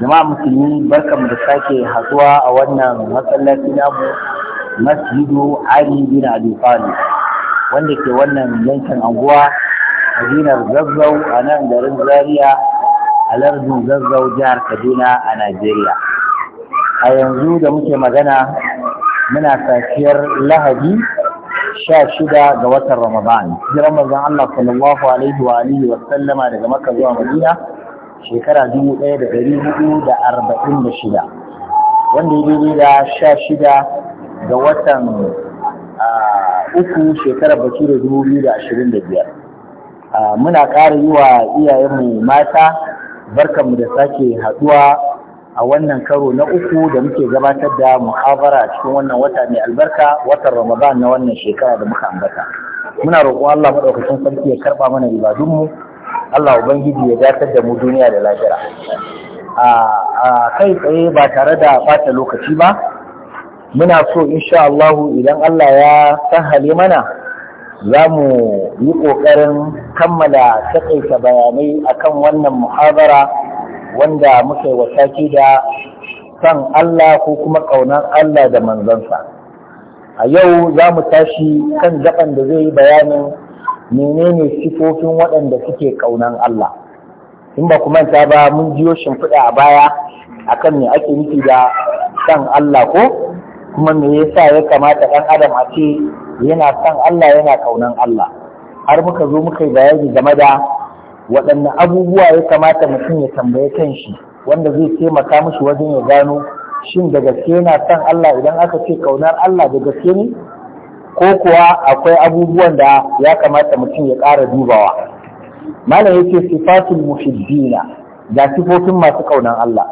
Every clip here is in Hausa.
jama'a musulmi barkamu da sake haɗuwa a wannan masallaci namu masjidu ali bin abi talib wanda ke wannan yankin anguwa madinar zazzau a nan garin zaria a lardin zazzau jihar kaduna a najeriya a yanzu da muke magana muna safiyar lahadi sha shida ga watan ramadan hijirar manzon allah sallallahu alaihi wa alihi wa sallama daga makka zuwa madina shekara dubu ɗaya da ɗari hudu da arba'in da shida wanda ya daidai da sha shida ga watan uku shekarar da dubu biyu da ashirin da biyar muna ƙara yi wa iyayenmu mata barkanmu da sake haɗuwa a wannan karo na uku da muke gabatar da muhabara a cikin wannan wata mai albarka watan ramadan na wannan shekara da muka ambata muna roƙon allah maɗaukacin sarki ya karɓa mana ibadunmu Allah ubangiji ya dakatar da mu duniya da lafiya a kai tsaye ba tare da bata lokaci ba muna so insha Allah idan Allah ya sahale mana za mu yi ƙoƙarin kammala taƙaita bayanai akan wannan muhabara wanda muka yi wasaki da san Allah ko kuma ƙaunar Allah da manzansa. A yau za mu tashi kan zaɓen da zai yi bayanin menene sifofin waɗanda suke ƙaunan Allah in ba ku manta ba mun jiyo shimfiɗa a baya akan me ake nufi da san Allah ko kuma me yasa ya kamata ɗan adam a ce yana san Allah yana ƙaunan Allah har muka zo muka yi bayani game da waɗanne abubuwa ya kamata mutum ya tambaye shi wanda zai taimaka mishi wajen ya gano shin da gaske yana san Allah idan aka ce ƙaunar Allah da gaske ne ko kuwa akwai abubuwan da ya kamata mutum ya ƙara dubawa malam yake sifatul muhibbina ga sifofin masu ƙaunar Allah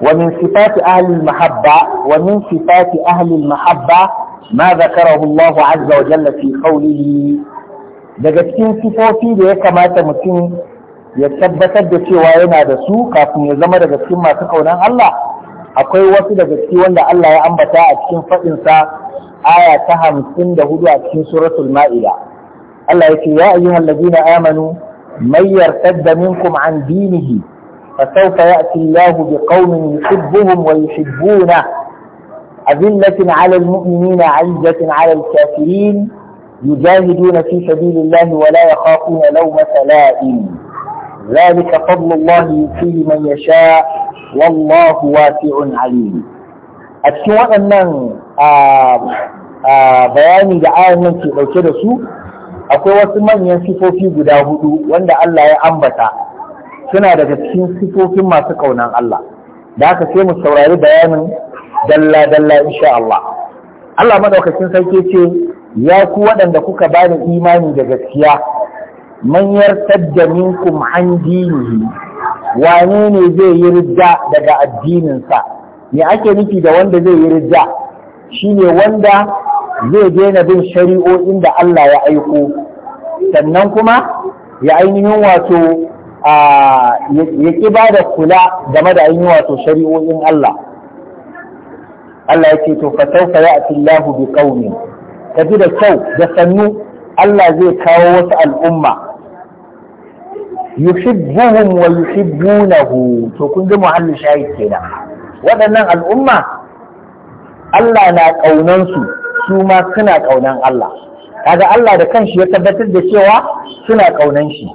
wa min sifati ahli mahabba wa min sifati mahabba ma zakarahu Allah azza wa jalla fi qawlihi daga cikin sifofi da ya kamata mutum ya tabbatar da cewa yana da su kafin ya zama daga cikin masu ƙaunar Allah akwai wasu daga ciki wanda Allah ya ambata a cikin faɗinsa aya ta 54 a cikin suratul ma'ida Allah yake ya ayyuhal ladina amanu may yartadda minkum an dinihi ya'ti Allahu الله بقوم يحبهم ويحبونه أذلة على المؤمنين عزة على الكافرين يجاهدون في سبيل الله ولا يخافون لومة لائم ذلك فضل الله يؤتيه من يشاء wallahu wasi'un alim a cikin waɗannan bayani da ayan ke ɗauke da su akwai wasu manyan sifofi guda hudu wanda Allah ya ambata suna daga cikin sifofin masu ƙaunan Allah da haka sai mu saurari bayanin dalla dalla insha Allah Allah madaukakin sarki ce ya ku waɗanda kuka bani imani da gaskiya man yartadda minkum an dinihi wane ne zai yi ridda daga addininsa me ake nufi da wanda zai yi ridda shine wanda zai daina bin shari'o'in da Allah ya aiko sannan kuma ya ainihin wato ya ƙi ba da kula game da ainihin wato shari'o'in Allah Allah ya ce to fa sawfa ya'ti Allahu bi Ka kaji da kyau da sannu Allah zai kawo wasu al'umma yuhibbuhum wa yuhibbunahu to kun ji muhallu shahid kenan waɗannan al'umma Allah na ƙaunansu, su su ma suna ƙaunan Allah kaga Allah da kanshi ya tabbatar da cewa suna ƙaunan shi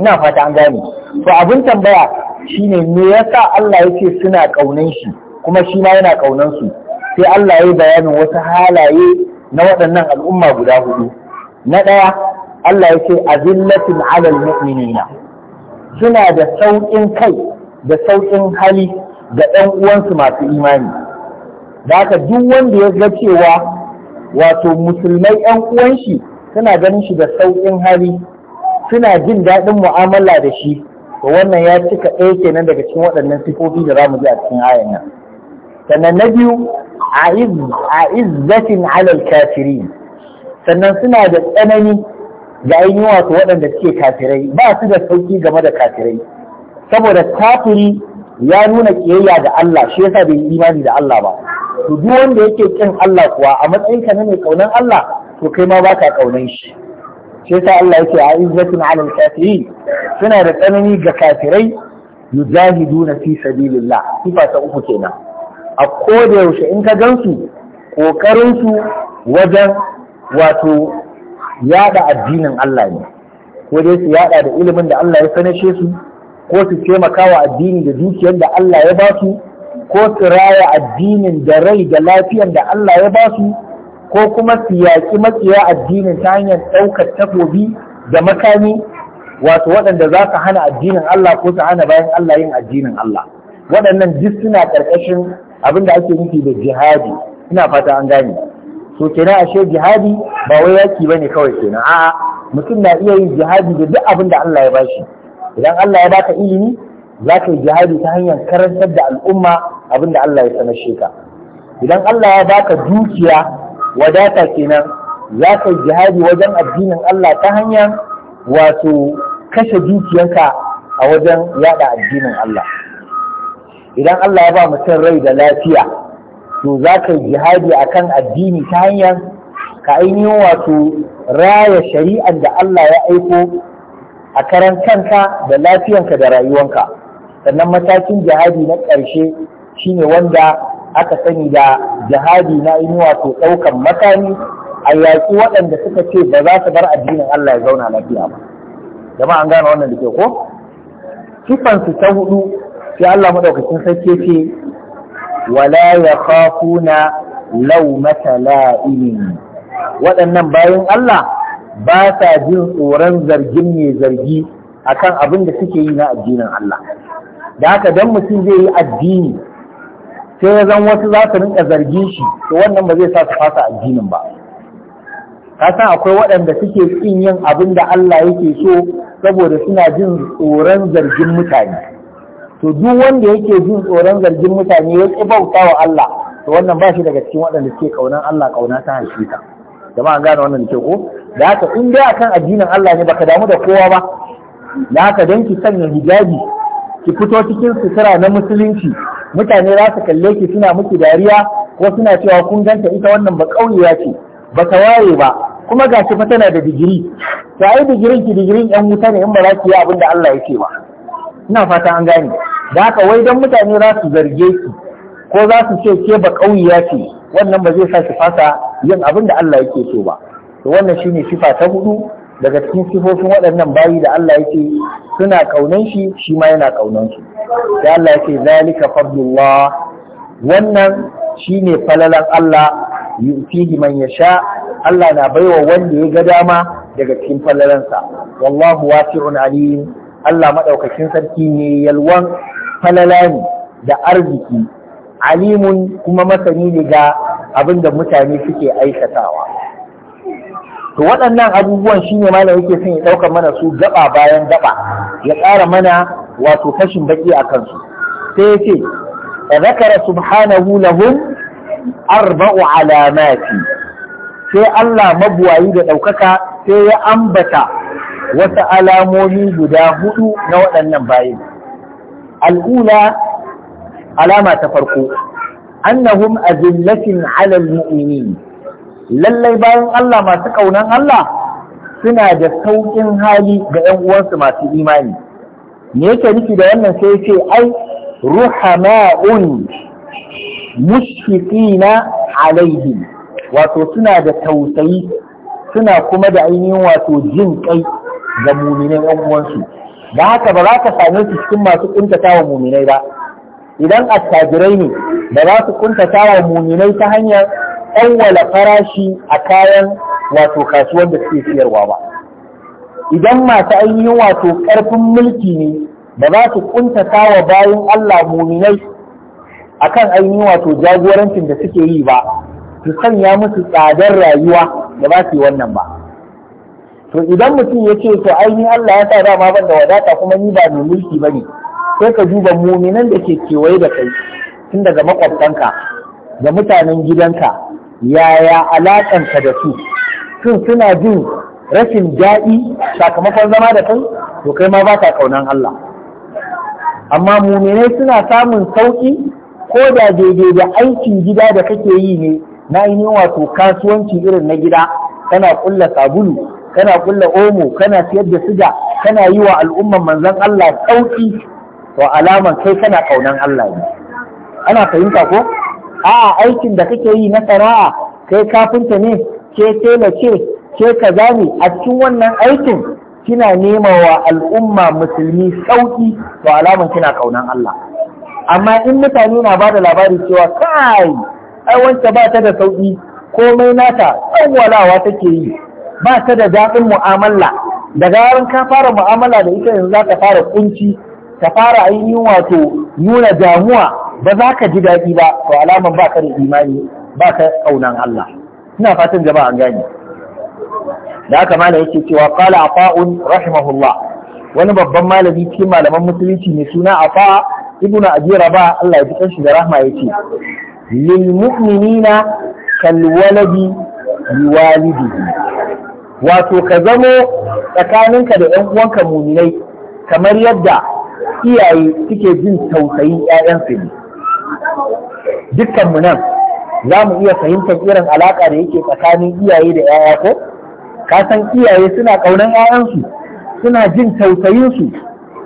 ina fata an gane to abin tambaya shine me yasa Allah yake suna ƙaunan shi kuma shi ma yana ƙaunan su sai Allah ya bayanin wasu halaye na waɗannan al'umma guda hudu na ɗaya Allah yake azillatin alal mu'minina suna da sauƙin kai da sauƙin hali ga ɗan uwansu masu imani da haka duk wanda ya ga cewa wato musulmai ɗan uwanshi shi suna ganin shi da sauƙin hali suna jin daɗin mu'amala da shi to wannan ya cika ɗaya kenan daga cikin waɗannan sifofi da za mu ji a cikin ayan nan sannan na biyu a izzatin alal kafirin sannan suna da tsanani ga ainihin wato waɗanda suke kafirai ba su da sauƙi game da kafirai saboda kafiri ya nuna ƙiyayya da Allah shi yasa bai imani da Allah ba to duk wanda yake kin Allah kuwa a matsayin ka na mai kaunan Allah to kai ma baka kaunan shi shi yasa Allah yake a izzatun alal kafirin suna da tsanani ga kafirai yujahiduna fi sabilillah sifa ta uku kenan a koda yaushe in ka gansu kokarin su wajen wato yada addinin Allah ne ko dai su yada da ilimin da Allah ya sanashe su ko su taimakawa addini da dukiyar da Allah ya ba su ko su raya addinin da rai da lafiyar da Allah ya ba su ko kuma su yaƙi makiya addinin ta hanyar ɗaukar takobi da makami wato waɗanda za su hana addinin Allah ko su hana bayan Allah yin addinin Allah waɗannan duk suna ƙarƙashin abin da ake nufi da jihadi ina fata an gane to kenan ashe jihadi ba wai yaki bane kawai kenan a'a mutum na iya yin jihadi da duk abin da Allah ya bashi idan Allah ya baka ilimi za ka yi jihadi ta hanyar karantar da al'umma abin da Allah ya sanashe ka idan Allah ya baka dukiya wadata kenan za ka yi jihadi wajen addinin Allah ta hanyar wato kashe dukiyanka a wajen yada addinin Allah idan Allah ya ba mutum rai da lafiya to za ka yi jihadi a kan addini ta hanyar ka ainihin wato raya shari'ar da Allah ya aiko a karan kanka da lafiyanka da rayuwanka sannan matakin jihadi na ƙarshe shi ne wanda aka sani da jihadi na ainihin wato ɗaukan makami a yaƙi waɗanda suka ce ba za su bar addinin Allah ya zauna lafiya ba jama'a an gane wannan da ke ko sifansu ta hudu sai Allah maɗaukacin sarki ce wala yakhafuna laumata ilimi. waɗannan bayan Allah ba sa jin tsoron zargin mai zargi akan abin da suke yi na addinin Allah da haka dan mutum zai yi addini sai ya zan wasu za su rinka zargin shi to wannan ba zai sa su fasa addinin ba ka san akwai waɗanda suke yin abin da Allah yake so saboda suna jin tsoron zargin mutane to duk wanda yake jin tsoron zargin mutane ya ƙi bauta wa Allah to wannan ba shi daga cikin waɗanda suke ƙaunar Allah ƙauna ta hakika jama'a gane wannan ke ko da haka in dai akan addinin Allah ne baka damu da kowa ba da haka dan ki sanya hijabi ki fito cikin sutura na musulunci mutane za su kalle ki suna miki dariya ko suna cewa kun ganta ita wannan ba ƙauyewa ce ba ta waye ba kuma gashi fa tana da digiri to ai digirin ki digirin yan wuta ne in ba za ki yi abin da Allah yake ba ina fata an gane da haka wai don mutane za su zarge ki ko za su ce ke ba ya ce wannan ba zai sa ki fasa yin abin da Allah yake so ba to wannan shine sifa ta hudu daga cikin sifofin waɗannan bayi da Allah yake suna ƙaunan shi shi ma yana ƙaunan shi ya Allah yake zalika fadlullah wannan shine falalan Allah yu'tihi man sha. Allah na baiwa wanda ya ga dama daga cikin falalansa wallahu wasi'un alim Allah maɗaukacin sarki ne yalwan falala ne da arziki alimun kuma masani ne ga abin da mutane suke aikatawa to waɗannan abubuwan shi ne malam yake son ya ɗaukar mana su gaba bayan gaba ya ƙara mana wato fashin baƙi a kansu sai ya ce zakara subhanahu lahum arba'u alamati sai Allah mabuwayi da ɗaukaka sai ya ambata wasu alamomi guda hudu na waɗannan bayan al'ula alama ta farko annahum azillatin alal mu'minin lallai bayan Allah masu ƙaunan Allah suna da sauƙin hali ga 'yan uwansu masu imani me yake nufi da wannan sai ce ai ruhama'un mushfiqina alaihim wato suna da tausayi suna kuma da ainihin wato jin ƙai ga mu'minan ƴan uwansu da haka ba za ka same su cikin masu kuntata wa muminai ba idan attajirai ne ba za su kuntata wa muminai ta hanyar tsawwala farashi a kayan wato kasuwar da suke siyarwa ba idan masu ainihin wato ƙarfin mulki ne ba za su kuntata wa bayan Allah muminai akan ainihin wato jagorancin da suke yi ba su sanya musu tsadar rayuwa da ba su yi wannan ba to idan mutum ya ce to ai Allah ya sa dama ban da wadata kuma ni ba mai mulki ba ne. sai ka duba muminan da ke kewaye da kai tun daga makwabtanka da mutanen gidanka yaya alaƙanka da su shin suna jin rashin daɗi sakamakon zama da kai to kai ma ba ka ƙaunan Allah amma muminai suna samun sauƙi ko da daidai da aikin gida da kake yi ne na ainihin wato kasuwanci irin na gida kana kulla sabulu kana kulla omo kana siyar da siga kana yi wa al'umman manzon Allah sauki to alaman kai kana kaunan Allah ne ana fahimta ko a aikin da kake yi na sana'a kai kafinta ne ke tela ce ke kaza ne a cikin wannan aikin kina nema wa al'umma musulmi sauki to alaman kina kaunan Allah amma in mutane na ba da labari cewa kai ai wance ba ta da sauki komai nata tsawalawa take yi ba ta da daɗin mu'amala daga yaran ka fara mu'amala da ita yanzu za ta fara kunci ta fara ainihin wato nuna damuwa ba za ka ji daɗi ba to alaman ba ka da imani ba ka ƙaunan Allah ina fatan jama'a an gane da haka malam yake cewa qala afa'un rahimahullah wani babban malami ce malaman musulunci ne, suna afa ibnu abi raba Allah ya ji kanshi da rahma yace lil mu'minina kalwaladi liwalidi wato ka zamo tsakaninka da ‘yan uwanka muminai kamar yadda iyaye suke jin tausayi ‘ya'yansu ne mu nan za mu iya fahimtar irin alaƙa da yake tsakanin iyaye da ‘ya'ya ko ka san iyaye suna ƙaunar ‘ya'yansu suna jin tausayinsu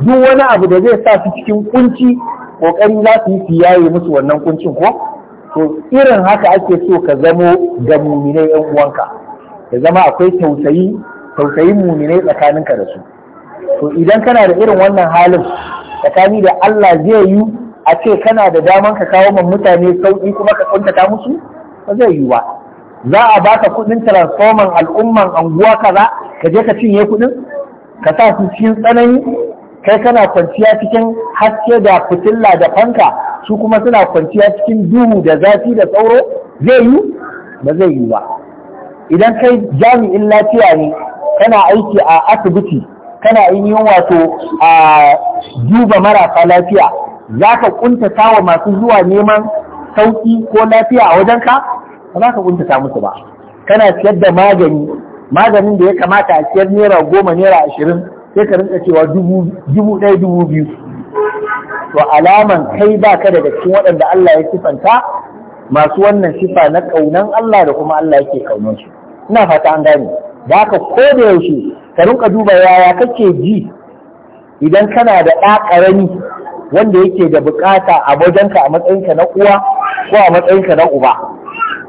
duk wani abu da zai sa su cikin kunci ƙoƙari za su yi su yaye musu wannan kuncin ko to irin haka ake so ka zamo ga muminai yan uwanka ka zama akwai tausayi tausayin muminai tsakaninka da su to idan kana da irin wannan halin tsakani da Allah zai yi a ce kana da daman ka kawo man mutane sauki kuma ka kuntata musu ba zai yi ba za a baka kudin transforman al'umman anguwa kaza ka je ka cinye kudin ka sa su cikin tsanani kai kana kwanciya cikin haske da fitilla da fanka su kuma suna kwanciya cikin duhu da zafi da tsauro zai yi ba zai yi ba idan kai jami'in lafiya ne kana aiki a asibiti kana yin wato a duba marasa lafiya za ka kuntata wa masu zuwa neman sauki ko lafiya a wajenka ba za ka kuntata musu ba kana siyar da magani maganin da ya kamata a siyar naira goma naira ashirin sai ka rinka cewa dubu ɗaya dubu biyu to alaman kai ba ka daga cikin waɗanda Allah ya sifanta masu wannan sifa na ƙaunan Allah da kuma Allah yake ƙaunan shi. ina fata an gane da ka ko da yaushe ka rinka duba yaya kake ji idan kana da ɗa ƙarami wanda yake da buƙata a wajenka a matsayinka na uwa ko a matsayinka na uba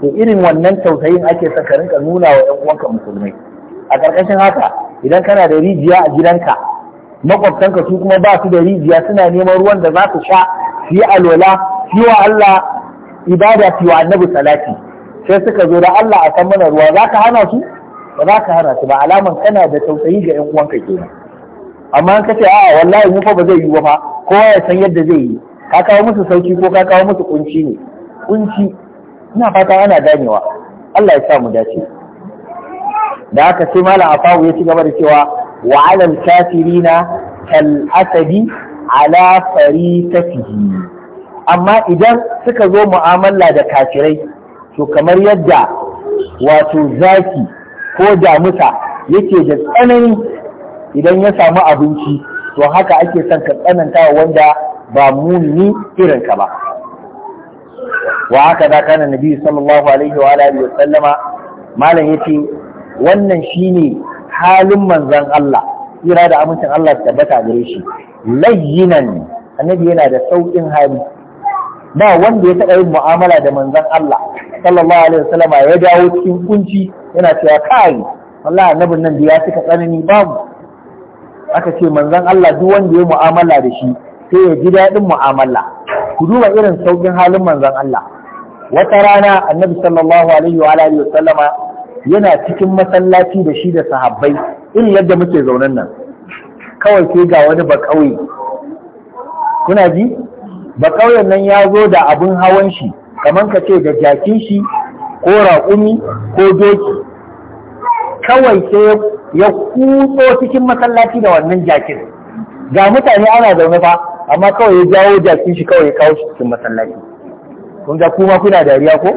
to irin wannan tausayin ake sa ka rinka nuna wa ƴan uwanka musulmai a ƙarƙashin haka idan kana da rijiya a gidanka makwabtanka su kuma ba su da rijiya suna neman ruwan da za su sha su yi alwala su wa Allah ibada su wa annabi salati sai suka zo da Allah a san mana ruwa za ka hana su ba za ka hana su ba alaman kana da tausayi ga 'yan uwanka kenan amma in ka ce a'a wallahi mu fa ba zai yi ba fa kowa ya san yadda zai yi ka kawo musu sauki ko ka kawo musu kunci ne kunci ina fata ana ganewa Allah ya sa mu dace da aka sai malam afawu ya ci gaba da cewa wa alal kafirina kal asadi ala faritatihi amma idan suka zo mu'amala da kafirai to kamar yadda wato zaki ko damusa yake da tsanani idan ya samu abinci to haka ake son ka tsananta wanda ba muni irin ka ba wa haka za kana nabi sallallahu alaihi wa alihi wa sallama malam yace wannan shine halin manzan Allah tsira da amincin Allah tabbata gare shi layyinan annabi yana da saukin hali ba wanda ya taɓa yin mu'amala da manzan Allah sallallahu alaihi wasallama ya dawo cikin kunci yana cewa kai Allah annabin nan da ya saka tsanani babu aka ce manzan Allah duk wanda ya mu'amala da shi sai ya ji daɗin mu'amala ku duba irin saukin halin manzan Allah wata rana annabi sallallahu alaihi wa alihi yana cikin masallaci da shi da sahabbai irin yadda muke zaunan nan kawai sai ga wani ba kuna ji ba nan ya zo da abin hawan shi kamar ka ce da jakin shi ko raƙumi ko doki kawai sai ya kuso cikin masallaci da wannan jakin ga mutane ana zaune fa amma kawai ya jawo jakin shi kawai ya kawo shi cikin masallaci kun ga kuma kuna dariya ko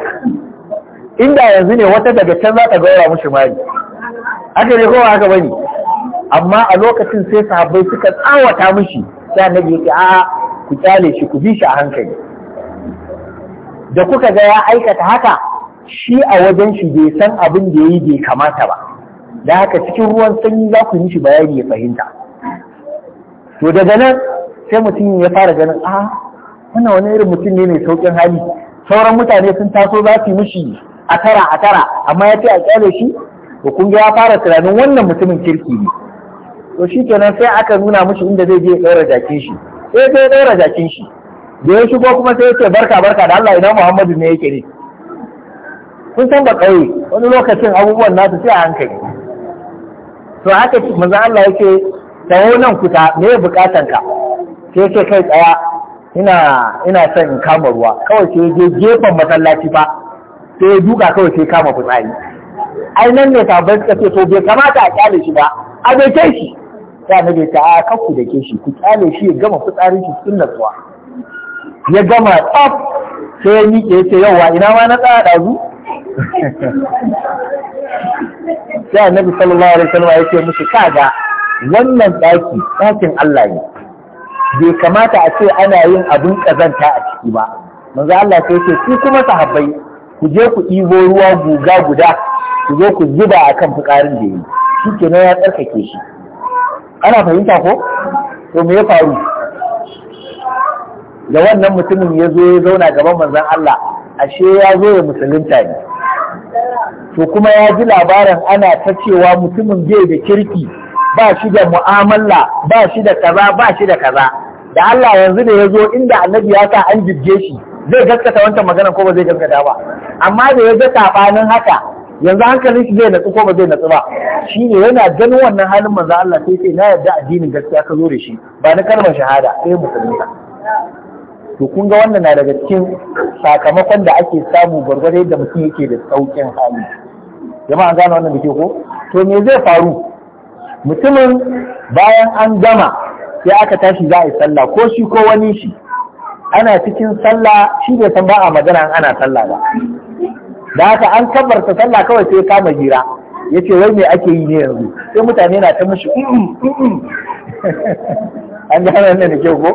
inda yanzu ne wata daga can za ta gaura mushi mari aka ne kowa haka bane amma a lokacin sai sahabbai suka tsawata mushi sai annabi ce a ku kyale shi ku bi shi a hankali da kuka ga ya aikata haka shi a wajen shi bai san abin da yayi bai kamata ba da haka cikin ruwan sanyi za ku yi shi bayani ya fahimta to daga nan sai mutum ya fara ganin a wannan wani irin mutum ne mai saukin hali sauran mutane sun taso za su yi mushi a tara a tara amma ya ce a kyale shi to kun ya fara tunanin wannan mutumin kirki ne to shi kenan sai aka nuna mishi inda zai je ya ɗaura jakin shi sai ya ɗaura jakin shi da ya shigo kuma sai ya ce barka barka da Allah ina Muhammadu ne yake ne kun san ba ƙauye wani lokacin abubuwan nasu sai a hankali to haka manzo Allah yake tawo nan kuta me ya bukatan ka sai ce kai tsaya ina ina son in kama ruwa kawai sai je gefen masallaci ba. sai ya duka kawai sai kama fitsari ai nan ne sabon suka ce to bai kamata a kyale shi ba a bai kai shi sai na bai ta a kakku da ke shi ku kyale shi ya gama fitsarin shi cikin natsuwa ya gama tsaf sai ya miƙe ya ce yauwa ina ma na tsaya ɗazu sai annabi sallallahu alaihi wasallam ya ce musu kaga wannan ɗaki ɗakin Allah ne bai kamata a ce ana yin abin ƙazanta a ciki ba manzo Allah sai ce ku kuma sahabbai ku je ku ɗibo ruwa guga guda ku zo ku zuba a kan fukarin da yi shi ke ya tsarkake shi ana fahimta ko to me ya faru da wannan mutumin ya zo ya zauna gaban manzan Allah ashe ya zo ya musulunta ne to kuma ya ji labarin ana ta cewa mutumin bai da kirki ba shi da mu'amala ba shi da kaza ba shi da kaza da Allah yanzu ne ya zo inda annabi ya sa an jibge shi zai gaskata wancan magana ko ba zai gaskata ba amma da ya ga sabanin haka yanzu hankalin shi zai natsu ko ba zai natsu ba shi ne yana ganin wannan halin manzo Allah sai sai na yarda addinin gaskiya ka zo da shi ba na kalmar shahada sai musulmi to kun ga wannan na daga cikin sakamakon da ake samu gwargwado da mutum yake da saukin hali jama'a gane wannan da ke ko to me zai faru mutumin bayan an gama sai aka tashi za a yi sallah ko shi ko wani shi ana cikin sallah shi ne san ba a magana ana sallah ba da haka an kabarta sallah kawai sai kama hira ya ce wai me ake yi ne yanzu sai mutane na ta mushi mm, mm, mm, an ji hannun da kyau ko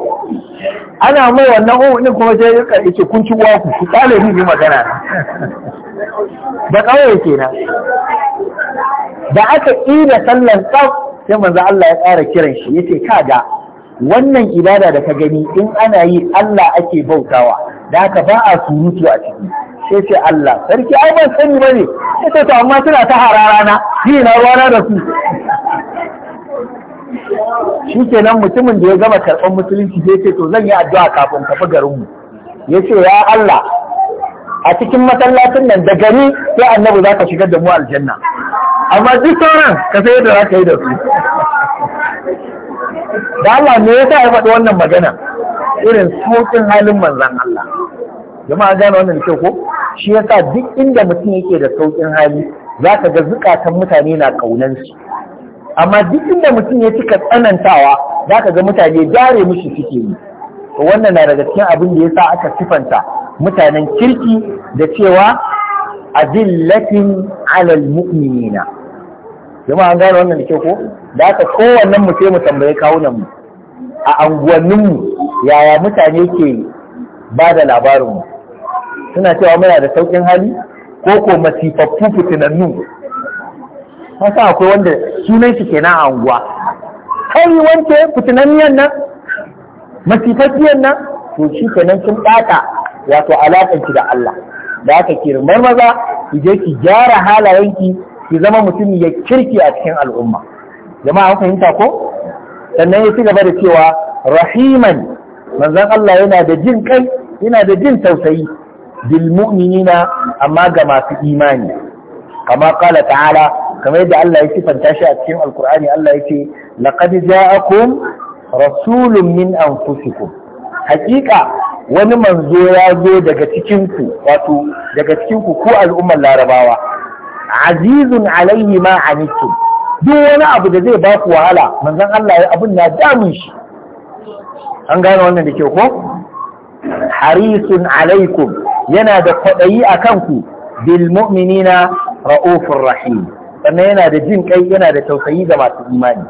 ana mai wannan uhu oh, ɗin kuma sai ya ce kun ci waku ku tsale ni yi magana da kawai kenan da aka ƙi da sallan tsaf sai manzo Allah ya ƙara kiran shi yace kaga wannan ibada da ka gani in ana yi Allah ake bautawa da haka ba a surutu a ciki sai ce Allah sarki ai ban sani ba ne sai to amma suna ta hararana ji na ruwana da su shikenan mutumin da ya gama karɓar musulunci sai ce to zan yi addu'a kafin tafi garinmu ya ce ya Allah a cikin masallacin nan da gari sai annabi za ka shigar da mu aljanna amma duk sauran ka sai da za ka yi da su da Allah me yasa ya faɗi wannan magana irin sokin halin manzan Allah jama'a gane wannan da ko shi yasa duk inda mutum yake da saukin hali za ka ga zukatan mutane na kaunan amma duk inda mutum ya cika tsanantawa za ka ga mutane dare mushi suke yi to wannan na daga cikin abin da ya sa aka sifanta mutanen kirki da cewa azillatin alal mu'minina jama'a an gane wannan da ke ko da aka kowannen mu ce mu tambaye kawunan mu a anguwannin mu yaya mutane ke ba da labarin mu suna cewa muna da saukin hali ko ko masifaffu fitinannu masa akwai wanda sunan shi kenan a anguwa kai wance fitinanniyan nan masifaffiyan nan to shi kenan sun ɓata wato alaƙanki da Allah da aka kirmar maza ki je ki gyara halayenki ki zama mutum ya kirki a cikin al'umma jama'a an fahimta ko sannan ya ci gaba da cewa rahiman manzon Allah yana da jin kai yana da jin tausayi bil mu'minina amma ga masu imani kama qala ta'ala kamar yadda Allah ya fanta shi a cikin alkur'ani Allah yake laqad ja'akum rasulun min anfusikum hakika wani manzo ya zo daga cikinku wato daga cikinku ko al'ummar larabawa azizun alaihi ma anittum duk wani abu da zai baku wahala manzon Allah ya abun na damun shi an gane wannan da ke ko harisun alaikum yana da kwaɗayi a kanku bil mu'minina ra'ufur rahim sannan yana da jin kai yana da tausayi ga masu imani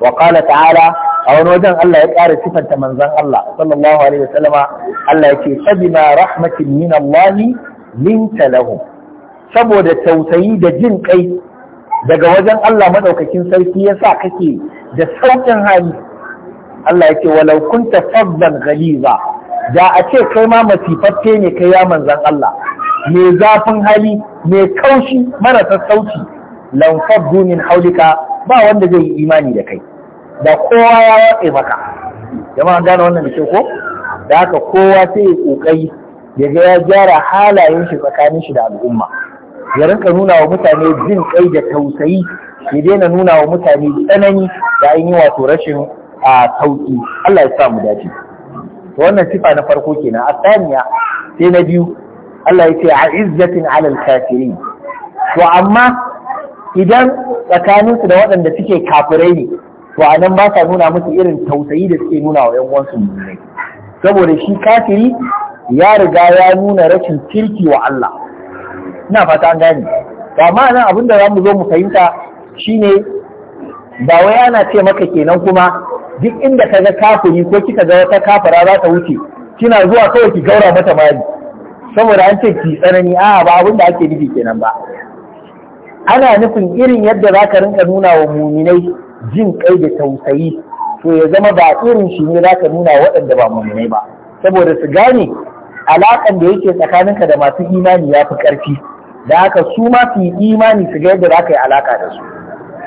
wa qala ta'ala a wani wajen Allah ya ƙara sifanta manzon Allah sallallahu alaihi wasallama Allah yake sabima rahmatin min Allah linta lahum saboda tausayi da jin kai daga wajen Allah maɗaukakin sarki ya sa kake da saukin hali Allah ya ce walau kunta fadlan ghaliza da a ce kai ma masifaffe ne kai ya manzan Allah mai zafin hali mai kaushi mara sassauci lan faddu min haulika ba wanda zai yi imani da kai da kowa ya watsa maka jama'a gane wannan da ko da haka kowa sai ya kokari ya ga ya gyara halayen shi tsakanin shi da al'umma ya rinka nuna wa mutane jin kai da tausayi ya daina nuna wa mutane tsanani da ainihin wato rashin a sauki Allah ya sa mu dace to wannan sifa na farko kenan asaniya sai na biyu Allah ya ce a izzatin alal kafirin to amma idan tsakaninsu da waɗanda suke kafirai ne to a nan ba sa nuna musu irin tausayi da suke nuna wa 'yan uwansu saboda shi kafiri ya riga ya nuna rashin kirki wa Allah ina fata an gane ma nan abin da zamu zo mu fahimta shine ba wai ana ce maka kenan kuma duk inda kaga kafuri ko kika ga wata kafara za ta wuce kina zuwa kawai ki gaura mata mali saboda an ce ki tsanani a'a ba abin da ake nufi kenan ba ana nufin irin yadda za ka rinka nuna wa muminai jin kai da tausayi to ya zama ba irin shi ne za ka nuna waɗanda ba muminai ba saboda su gane alaƙan da yake tsakaninka da masu imani ya fi ƙarfi da aka su ma su yi imani su ga yadda za ka yi alaka da su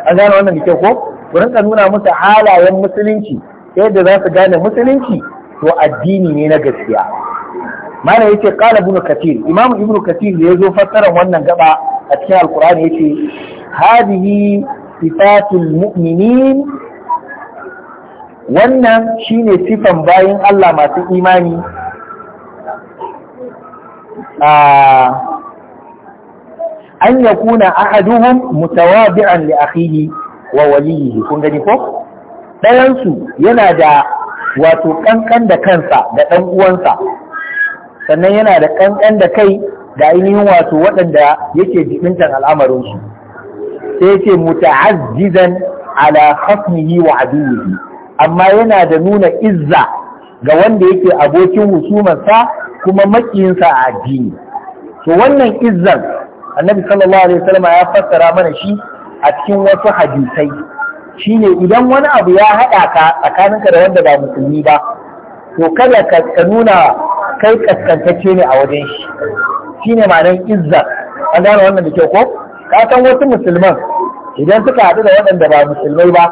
an gane wannan da ko ku rinka nuna musu halayen musulunci yadda za su gane musulunci to addini ne na gaskiya mana yace qala ibn kathir imam ibnu Katil da ya zo fassara wannan gaba a cikin alqur'ani yace hadihi sifatul mu'minin wannan shine sifan bayan Allah masu imani ah, an yakuna ahaduhum mutawabi'an li akhihi wa waliyihi kun gani ko Ɗayansu yana da wato ƙanƙan da kansa da ɗan uwansa sannan yana da ƙanƙan da kai da ainihin wato waɗanda yake jibintan al'amarinsu sai yake muta'azzizan ala khasmihi wa aduwihi amma yana da nuna izza ga wanda yake abokin husumarsa kuma makiyinsa a addini to wannan izzan annabi sallallahu alaihi wasallam ya fassara mana shi a cikin wasu hadisai shine idan wani abu ya haɗa ka tsakaninka da wanda ba musulmi ba to kada ka nuna kai kaskantacce ne a wajen shi shine ma'anar izza an gane wannan da kyau ko ka san wasu musulman idan suka haɗu da waɗanda ba musulmai ba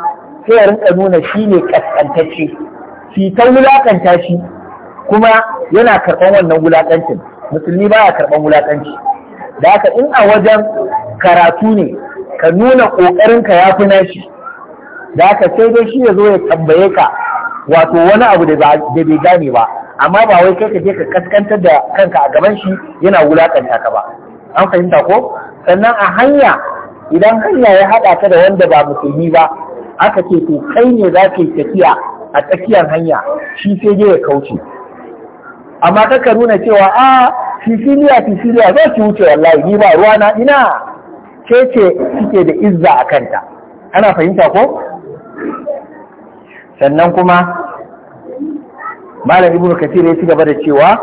sai ya rinka nuna shi ne kaskantacce shi ta wulakanta shi kuma yana karɓan wannan wulakancin musulmi baya karɓan wulakanci da haka in a wajen karatu ne ka nuna ƙoƙarinka ya fi nashi da haka sai dai shi ya zo ya tambaye ka wato wani abu da bai gane ba amma ba wai kai ka je ka kaskantar da kanka a gaban shi yana wulakanta ka ba an fahimta ko sannan a hanya idan hanya ya haɗa ka da wanda ba musulmi ba aka ce to kai ne za ka yi tafiya a tsakiyar hanya shi sai dai ya kauce amma kaka nuna cewa a ah, Sisiliya, Sisiliya zo ki wuce wallahi ni ba ruwa na ina ce ce suke da izza a kanta. Ana fahimta ko? Sannan kuma, Malam Ibnu Katsir ya ci gaba da cewa,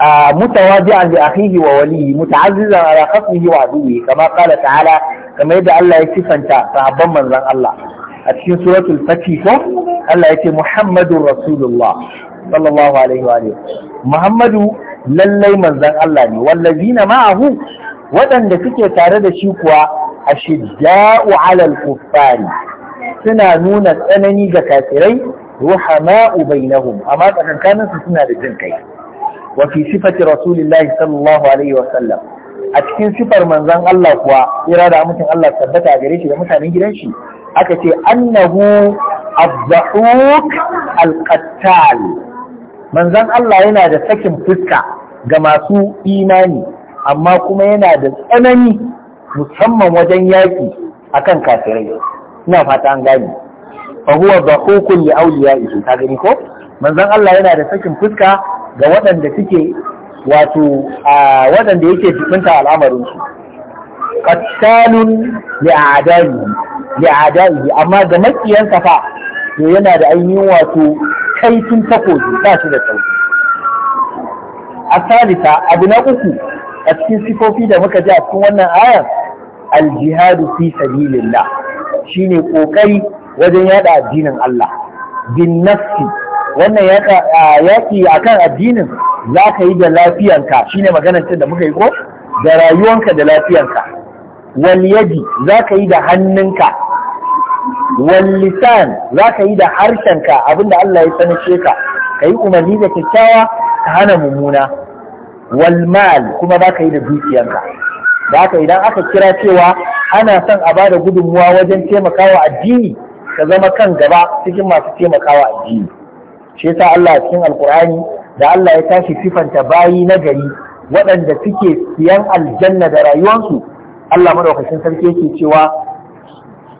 a mutawa bi an bi akhihi wa wali muta'azzizan ala khasmihi wa abihi kama qala ta'ala kama yadda Allah ya sifanta sahabban manzon Allah a cikin suratul fatih ko Allah yace muhammadur rasulullah sallallahu alaihi wa Muhammadu lallai manzon Allah ne wallazina ma'ahu waɗanda suke tare da shi kuwa ashidda'u 'alal kuffari suna nuna tsanani ga kafirai ruhama'u bainahum amma tsakankanin su suna da jin kai wa fi sifati sallallahu alaihi wa sallam a cikin sifar manzon Allah kuwa Ira da mutum Allah tabbata gare shi da mutanen gidan shi aka ce annahu abdahuk alqattal manzan Allah yana da sakin fuska ga masu imani amma kuma yana da tsanani musamman wajen yaƙi akan kafirai ina fata an gane fa huwa dhaqukun li iso ka gani ko manzan Allah yana da sakin fuska ga waɗanda suke wato a waɗanda yake jibinta al'amarin su qattalun li a'da'ihi li a'da'ihi amma ga makiyansa fa to yana da ainihin wato kaifin takobi ba shi da sauki a salisa abu na uku a cikin sifofi da muka ji a cikin wannan ayar aljihadu fi sabilillah shine kokari wajen yada addinin Allah bin nafsi wannan yaki akan addinin za ka yi da lafiyanka shine maganar da muka yi ko da rayuwanka da lafiyanka wal yadi za ka yi da hannunka wallisan za ka yi da harshenka abinda Allah ya sanace ka ka yi umarni da kyakkyawa ka hana mummuna walmal kuma za ka yi da dukiyanka Za ka idan aka kira cewa ana son a bada gudunmuwa wajen taimakawa addini ka zama kan gaba cikin masu taimakawa addini shi yasa Allah a cikin alkur'ani da Allah ya tashi sifanta bayi na gari waɗanda suke siyan aljanna da rayuwarsu Allah madaukakin sarki yake cewa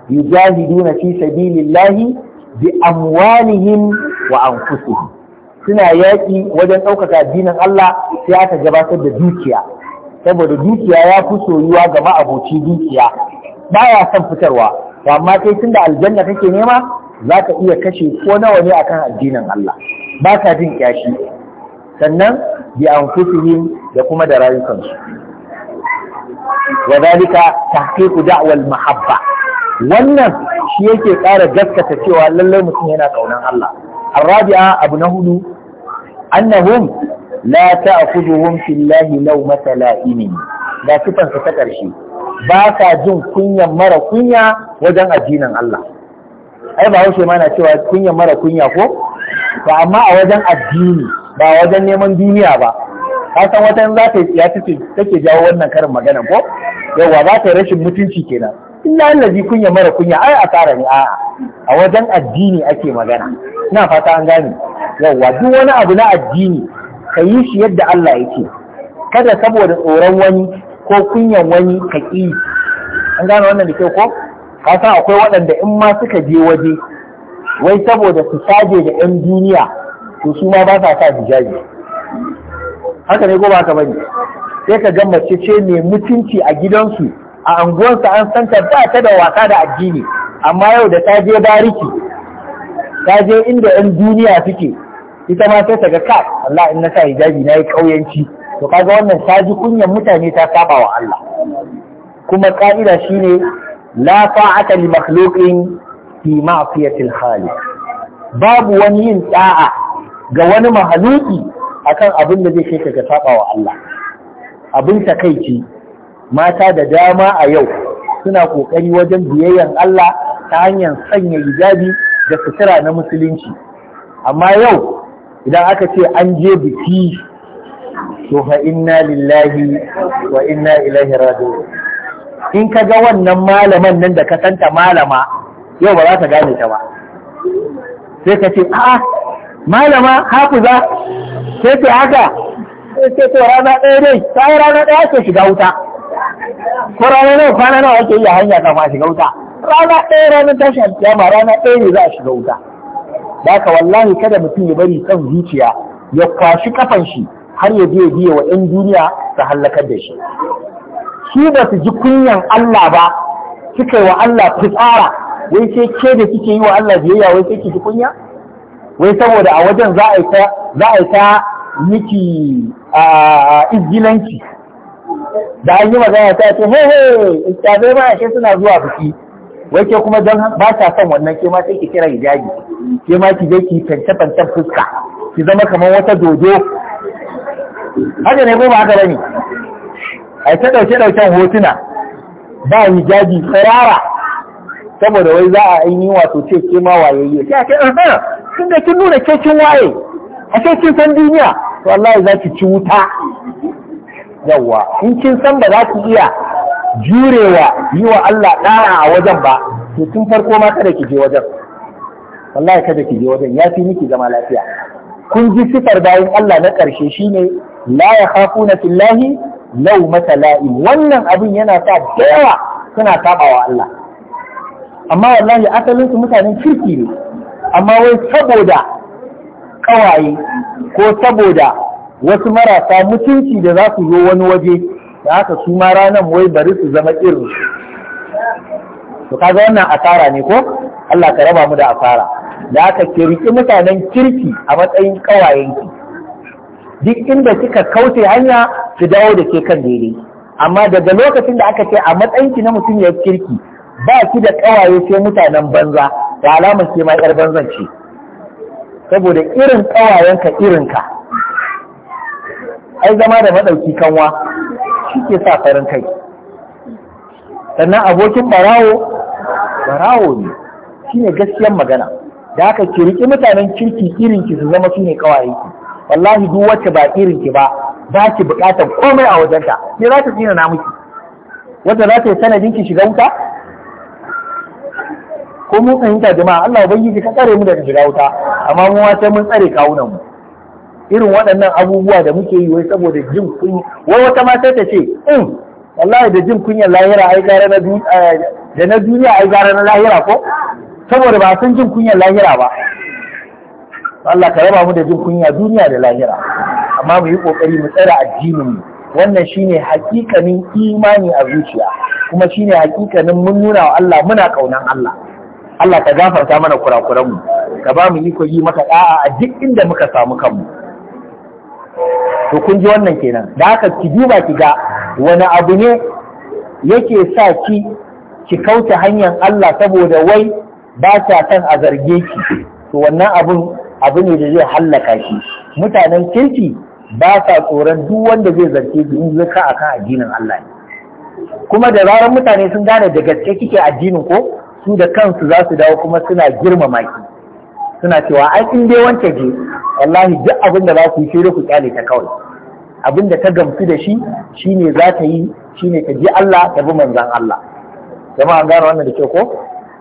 yujahiduna fi sabilillahi bi amwalihim wa anfusihim suna yaƙi wajen ɗaukaka addinin Allah sai aka gabatar da dukiya saboda dukiya ya fi soyuwa ga ma'abuci dukiya baya son fitarwa amma kai tunda aljanna kake nema za ka iya kashe ko nawa ne akan addinin Allah ba ka jin kyashi sannan bi anfusihim da kuma da rayukansu wa zalika tahqiqu da'wal mahabba wannan shi yake ƙara gaskata cewa lallai mutum yana ƙaunar Allah arabi'a abu na hudu annahum la ta'khudhuhum fillahi Masala, Ini, da sifan ta ƙarshe. ba sa jin kunyan mara kunya wajen addinin Allah ai ba haushe ma cewa kunyan mara kunya ko to amma a wajen addini ba wajen neman duniya ba ka san wata za ta yi tsiya take take jawo wannan karin magana ko yawa za ta yi rashin mutunci kenan yin allazi kunya mara kunya ai asara ne a'a a wajen addini ake magana ina fata an gane yawa duk wani abu na addini ka yi shi yadda Allah ce. kada saboda tsoron wani ko kunyan wani ka ƙi an gane wannan da kyau ko ka san akwai waɗanda in ma suka je waje wai saboda su saje da 'yan duniya to su ma ba sa sa haka ne ko ka bane sai ka ga mace ce ne mutunci a gidansu a anguwansa an ta ba ta da wasa da addini amma yau da ta je bariki ta je inda yan duniya suke ita ma sai ta ga ka Allah in na sa hijabi na yi kauyanci to kaga wannan ta ji kunyan mutane ta saba wa Allah kuma ka'ida shine la fa'ata li makhluqin fi ma'siyatil khaliq babu wani yin da'a ga wani mahaluki akan abin da zai kai ka ga saba wa Allah abin takaici mata da dama a yau suna kokari wajen biyayyan Allah ta hanyar sanya hijabi da sutura na musulunci amma yau idan aka ce an je biki to fa inna lillahi wa inna ilaihi raji'un in ka ga wannan malaman nan da ka santa malama yau ba za ka gane ta ba sai ka ce a'a malama hafiza ke ce haka ke to rana ɗaya dai ta yi rana ɗaya ke shiga wuta ko rana nawa kwana nawa ake iya hanya kafa shiga wuta rana ɗaya ranar tashi ma rana ɗaya ne za a shiga wuta Ba ka wallahi kada mutum ya bari kan zuciya ya kwashi kafan shi har ya biye biya wa 'yan duniya su hallakar da shi su ba su ji kunyan Allah ba suka yi wa Allah fitsara wai sai ke da kike yi wa Allah biyayya wai sai ki ji kunya wai saboda a wajen za a ta miki a izgilanci da an yi magana ta ce he he iskabe ma ashe suna zuwa biki wai ke kuma don ba ta son wannan ke ma sai ki kira hijabi ke ma ki je ki fance fance fuska ki zama kamar wata dodo haka ne kuma haka bane a ta ɗauke ɗauken hotuna ba hijabi tsirara saboda wai za a yi wato ce ke ma wayayye sai a ce tun da kin nuna ke kin waye a ce kin san duniya to wallahi za ki ci wuta yawa in kin san ba za ku iya jurewa yi wa Allah ɗara a wajen ba to tun farko ma kada ki je wajen wallahi kada ki je wajen ya fi miki zama lafiya kun ji sifar bayan Allah na ƙarshe shine la yakhafuna fillahi law la'im. wannan abin yana sa da yawa suna saba wa Allah amma wallahi asalin su mutanen kirki ne amma wai saboda kawaye ko saboda wasu marasa mutunci da za su zo wani waje da aka su ma ranar wai bari su zama irin to kaga wannan asara ne ko Allah ka raba mu da asara da ka ke riƙi mutanen kirki a matsayin kawayenki duk inda kika kauce hanya ki dawo da ke kan daidai amma daga lokacin da aka ce a matsayinki na mutum ya kirki ba ki da ƙawaye sai mutanen banza da alamar ke ma yar banzan ce saboda irin irin irinka ai zama da madauki kanwa shi ke sa farin kai sannan abokin barawo barawo ne shi ne gaskiyar magana da aka ki riƙi mutanen kirki irinki su zama su ne kawaye ki wallahi duk wacce ba irinki ba za ki buƙatar komai a wajenta ne za ta tsina na miki Wata za ta yi sanadin ki shiga wuta ko mun fahimta jama'a Allah ubangiji ka tsare mu daga shiga wuta amma mu ma sai mun tsare kawunan mu irin waɗannan abubuwa da muke yi wai saboda jin kunya wai wata ma sai ta ce in mm, wallahi da jin kunya lahira ai gara na eh, da na duniya ai gara na lahira ko saboda ba san jin kunya lahira ba Allah ka raba mu da jin kunya duniya da lahira amma mu yi kokari mu tsare addinin mu wannan shine hakikanin imani a zuciya kuma shine hakikanin mun nuna wa Allah muna kaunan Allah Allah ka gafarta mana kurakuranmu ka ba mu iko yi maka da'a a duk inda muka samu kanmu to kun ji wannan kenan da haka ki duba ki ga wani abu ne yake sa ki ki kauce hanyar Allah saboda wai ba ta kan a zarge ki to wannan abun abu ne da zai hallaka ki? mutanen kirki ba sa tsoron duk wanda zai zarge ki in zaka akan addinin Allah ne kuma da zarar mutane sun gane da gaske kike addinin ko su da kansu za su dawo kuma suna girmama ki suna cewa ai in dai wance je wallahi duk abin da za ku yi sai ku kyale ta kawai abin da ta gamsu da shi shine za ta yi shine ta ji Allah ta bi manzon Allah jama'a gane wannan da ke ko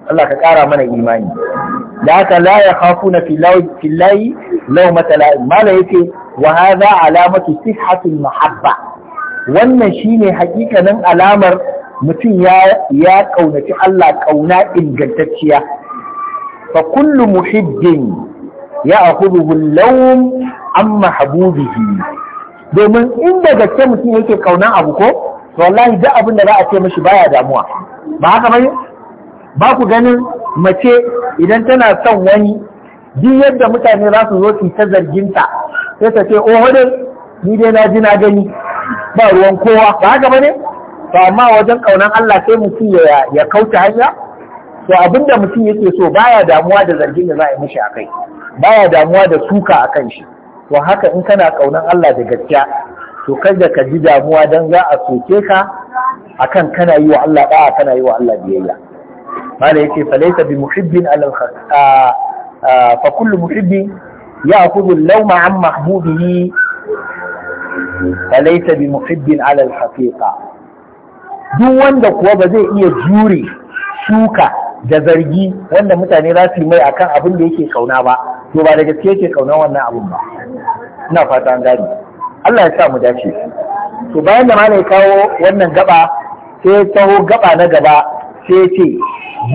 Allah ka ƙara mana imani da haka la ya khafu na fillahi law matala mala yake wa hadha alamatu sihhatil mahabba wannan shine hakikanin alamar mutum ya ƙaunaci Allah ƙauna ingantacciya fa kullu muhibbin ya a hudu lawm an mahbubihi domin in da gaske mutum yake ƙaunan abu ko to wallahi duk abin da za a ce mashi baya damuwa ba haka bane ba ku ganin mace idan tana son wani duk yadda mutane za su zo su ta zarginta sai ta ce oh ni dai na ji na gani ba ruwan kowa ba haka bane to amma wajen kaunan Allah sai mutum ya ya kauce hanya to abinda mutum yake so baya damuwa da zargin da za a yi mishi akai baya damuwa da suka akan shi to haka in kana kaunan Allah da gaskiya to da ka ji damuwa dan za a soke ka akan kana yi wa Allah da'a kana yi wa Allah biyayya mala yace falaita bi muhibbin alal fa kullu muhibbin ya'khudhu al-lawma an mahbubihi bi muhibbin alal haqiqa duk wanda kuwa ba zai iya jure shuka da zargi wanda mutane za su yi mai akan abin da yake kauna ba to ba da gaske yake kauna wannan abin ba ina fata an gani Allah ya sa mu dace to bayan da malai kawo wannan gaba sai taho gaba na gaba sai ce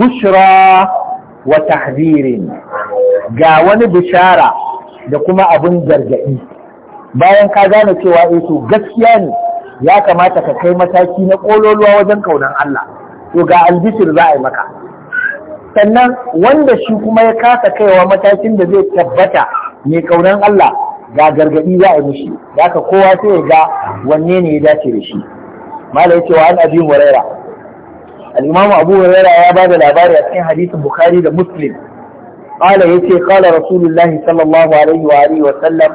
bushra wa tahzirin ga wani bishara da kuma abin gargadi bayan ka gane cewa eh to gaskiya ne ya kamata ka kai mataki na ƙololuwa wajen kaunan Allah to ga albishir za a yi maka sannan wanda shi kuma ya kasa kaiwa matakin da zai tabbata mai kaunan Allah ga gargaɗi za a yi mishi za ka kowa sai ya ga wanne ne ya dace da shi mala ya ce wa al'adu huraira al abu huraira ya ba da labari a cikin hadisin bukhari da muslim ya yace qala rasulullahi sallallahu alaihi wa alihi wa sallam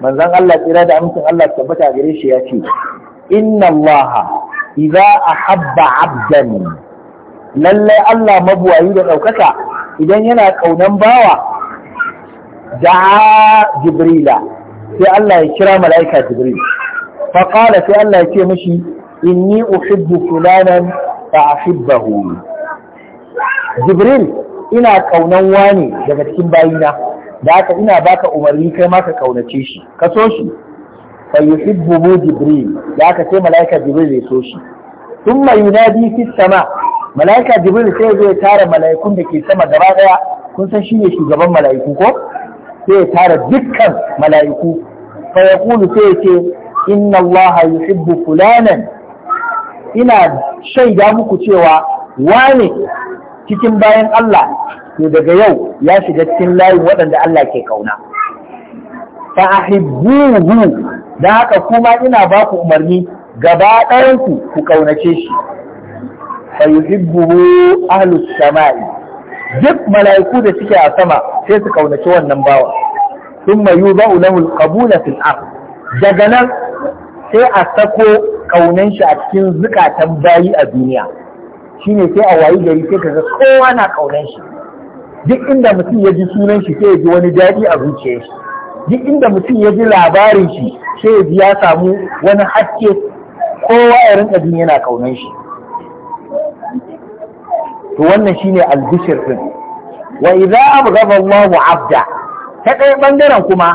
manzon Allah tsira da amincin Allah tabbata gare shi ya ce inna allaha idza ahabba abdan lallai Allah mabuwayi da ɗaukaka idan yana kaunan bawa da jibrila sai Allah ya kira mala'ika jibril fa qala sai Allah ya ce mishi inni uhibbu fulanan fa ahibbahu jibril ina kaunan wani daga cikin bayina da haka ina baka umarni kai ma ka kaunace shi ka so shi Yusuf yuhibbu jibril da aka ce malaika jibril ya so shi thumma yunadi fi sama malaika jibril sai zai tara malaikun da ke sama gaba daya kun san shine shugaban malaiku ko sai ya tara dukkan malaiku fa yaqulu sai ya ce inna allaha yuhibbu fulanan ina shaida muku cewa wane cikin bayan Allah to daga yau ya shiga cikin layin waɗanda Allah ke kauna fa ahibbuhu da haka kuma ina ba ku umarni gaba ɗayanku ku ƙaunace shi fa yuhibbuhu ahlus sama'i duk mala'iku da suke a sama sai su ƙaunaci wannan bawa thumma yubau lahu alqabula fil fil'a. daga nan sai a sako ƙaunan shi a cikin zukatan bayi a duniya shine sai a wayi gari sai kaga kowa na ƙaunan shi duk inda mutum ya ji sunan shi sai ya ji wani daɗi a zuciyar shi duk inda mutum ya ji labarin shi sai ya samu wani haske kowa ya rinka jin yana kaunan shi to wannan shine albishir din wa idza abghadha Allahu 'abda ta ɗaya bangaren kuma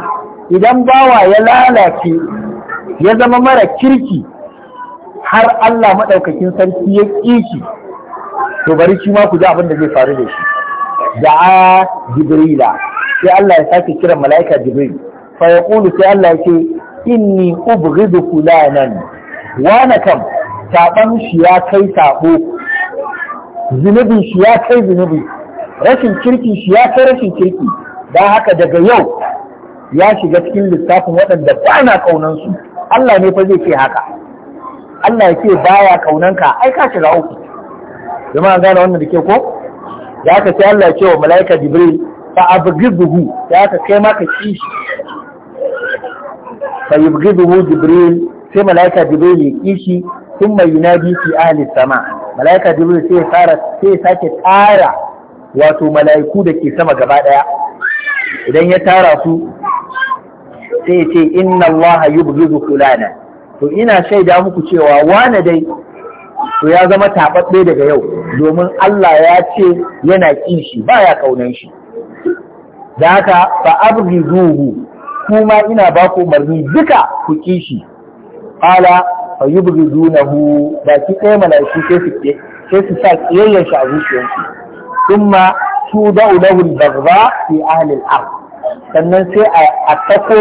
idan bawa ya lalace ya zama mara kirki har Allah maɗaukakin sarki ya ƙishi to bari shi ma ku ji abin da zai faru da shi da'a jibrila sai Allah ya sake kiran mala'ika jibril fa yaqulu sai Allah ya ce inni ubghidu fulanan wana kam saban shi ya kai sabo zunubin shi ya kai zunubi rashin kirki shi ya kai rashin kirki dan haka daga yau ya shiga cikin lissafin waɗanda ba na kaunansu Allah ne fa zai ce haka Allah ya ce baya kaunanka ai ka shiga uku jama'a gane wannan da ke ko da haka sai Allah ya ce wa mala'ika Jibril fa abghidhu ya ka kai maka kishi fa yubghiduhu jibril sai malaika jibril ya kishi sun mai yunadi fi ahli sama malaika jibril sai fara sai sake tara wato malaiku da ke sama gaba daya idan ya tara su sai ce inna allaha yubghidu fulana to ina shaida muku cewa wane dai to ya zama taɓaɓɓe daga yau domin Allah ya ce yana ƙin shi ba ya ƙaunan shi da haka fa abghiduhu kuma ina ba ku umarni duka ku kishi ala fa yubghidunahu ki kai malaiku sai su ke sai su sa kiyayyar shi a zuciyarsu kuma su da al-baghdha fi ahli al-ard sannan sai a tako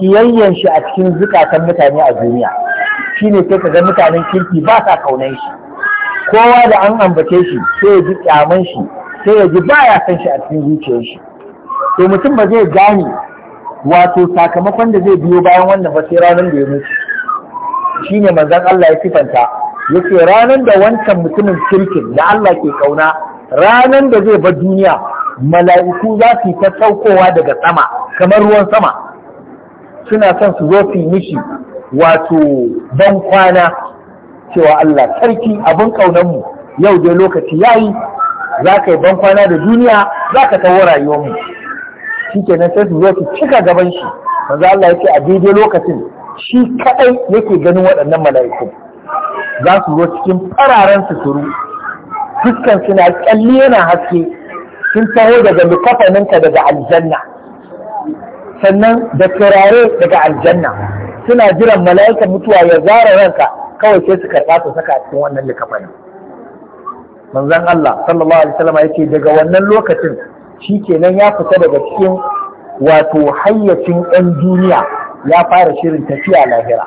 kiyayyen shi a cikin zukatan mutane a duniya shine sai ka ga mutanen kirki ba sa kaunan shi kowa da an ambace shi sai ya ji kyaman shi sai ya ji baya san shi a cikin zuciyar shi to mutum ba zai gane wato sakamakon da zai biyo bayan wannan ba sai ranar da ya mutu shine manzan Allah ya sifanta ya yace ranar da wancan mutumin kirkin da Allah ke kauna ranar da zai bar duniya mala'iku za su ta saukowa daga sama kamar ruwan sama suna son su zo su mishi wato ban kwana cewa Allah sarki abin kaunanmu mu yau dai lokaci yayi za ka yi ban kwana da duniya za ka tawo rayuwar mu shi kenan sai su zo su cika gaban shi manzo Allah ya ce a daidai lokacin shi kadai yake ganin waɗannan mala'iku za su zo cikin fararen suturu fuskan suna ƙyalli yana haske sun taho daga lukafaninka daga aljanna sannan da turare daga aljanna suna jiran mala'ikan mutuwa ya zara ranka kawai sai su karɓa su saka cikin wannan likafanin manzon Allah sallallahu alaihi wasallam yake daga wannan lokacin shi kenan ya fita daga cikin wato hayyacin 'yan duniya ya fara shirin tafiya lahira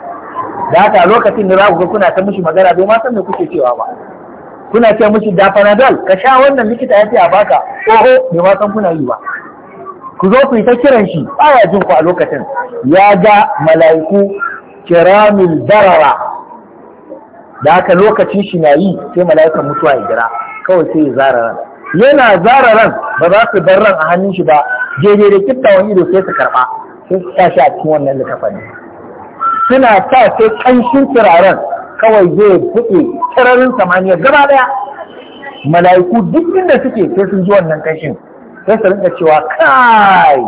da haka lokacin da za ku ga kuna ta mishi magana bai ma san kuke cewa ba kuna ce mishi da fanadol? ka sha wannan likita ya fiya a baka oho mai ma kuna yi ba ku zo ku yi ta kiran shi baya jin ku a lokacin ya ga mala'iku kiramil zarara. da haka lokacin shi na yi sai mala'ikan mutuwa ya jira kawai sai ya zara yana zara ran ba za su bar ran a hannun shi ba daidai da wani ido sai su karba Sun sa shi a cikin wannan likafani suna sa sai kanshin turaren kawai zai buɗe sararin samaniya gaba daya mala'iku duk inda suke sai sun ji wannan kanshin sai su rinka cewa kai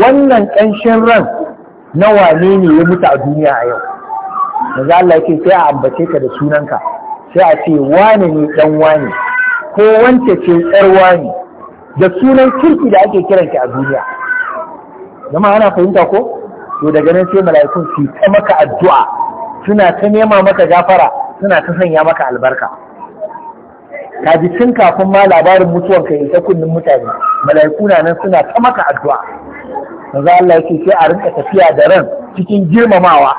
wannan kanshin ran na wane ne ya mutu a duniya a yau manzo Allah yake sai a ambace ka da sunanka sai a ce wane ne dan wane ko wance ce tsarwa ne da sunan kirki da ake kiranki a duniya zama ana fahimta ko to daga nan sai mala'ikun su ta maka addu'a suna ta nema maka gafara suna ta sanya maka albarka ka ji tun kafin ma labarin mutuwar ka ta kunnin mutane mala'iku na nan suna ta maka addu'a manzo Allah yake sai a rinka tafiya da ran cikin girmamawa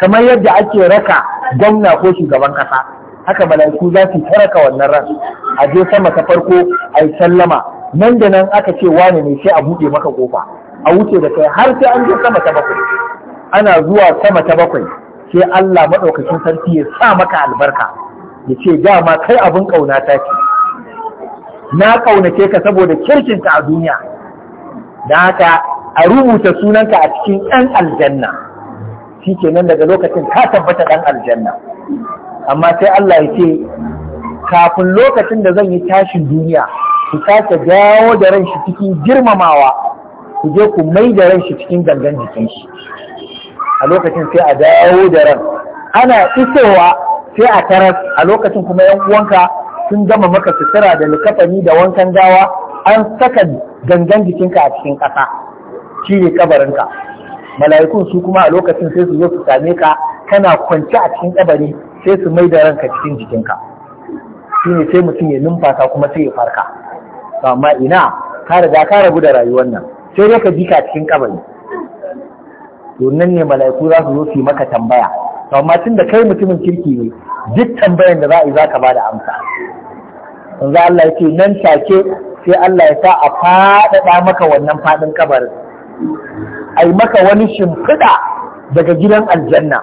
kamar yadda ake raka gwamna ko shugaban kasa haka mala'iku za su taraka wannan ran a je sama ta farko a yi sallama nan da nan aka ce wane ne sai a buɗe maka kofa a wuce da kai har sai an je sama ta bakwai ana zuwa sama ta bakwai sai Allah maɗaukacin sarki ya sa maka albarka ya ce dama kai abin ƙauna ta ce na ƙaunace ka saboda kirkinka a duniya da haka a rubuta sunanka a cikin ɗan aljanna shi kenan daga lokacin ka tabbata ɗan aljanna amma sai Allah ya ce kafin lokacin da zan yi tashin duniya ku sake dawo da ran shi cikin girmamawa ku je ku mai da ran shi cikin gangan jikin shi a lokacin sai a dawo da ran ana isowa sai a taras a lokacin kuma yan uwanka sun gama maka sutura da likafani da wankan gawa an saka gangan jikinka a cikin ƙasa shi ne kabarinka mala'ikun su kuma a lokacin sai su zo su same ka kana kwance a cikin kabari sai su mai da ranka cikin jikinka shi ne sai mutum ya numfasa kuma sai ya farka amma ina ka riga ka rabu da rayuwar nan sai dai ka jika cikin kabari to nan ne mala'iku za su zo su yi maka tambaya to amma tun da kai mutumin kirki ne duk tambayan da za a yi za ka ba da amsa yanzu Allah ya ce nan take sai Allah ya sa a faɗaɗa maka wannan faɗin kabarin a maka wani shimfiɗa daga gidan aljanna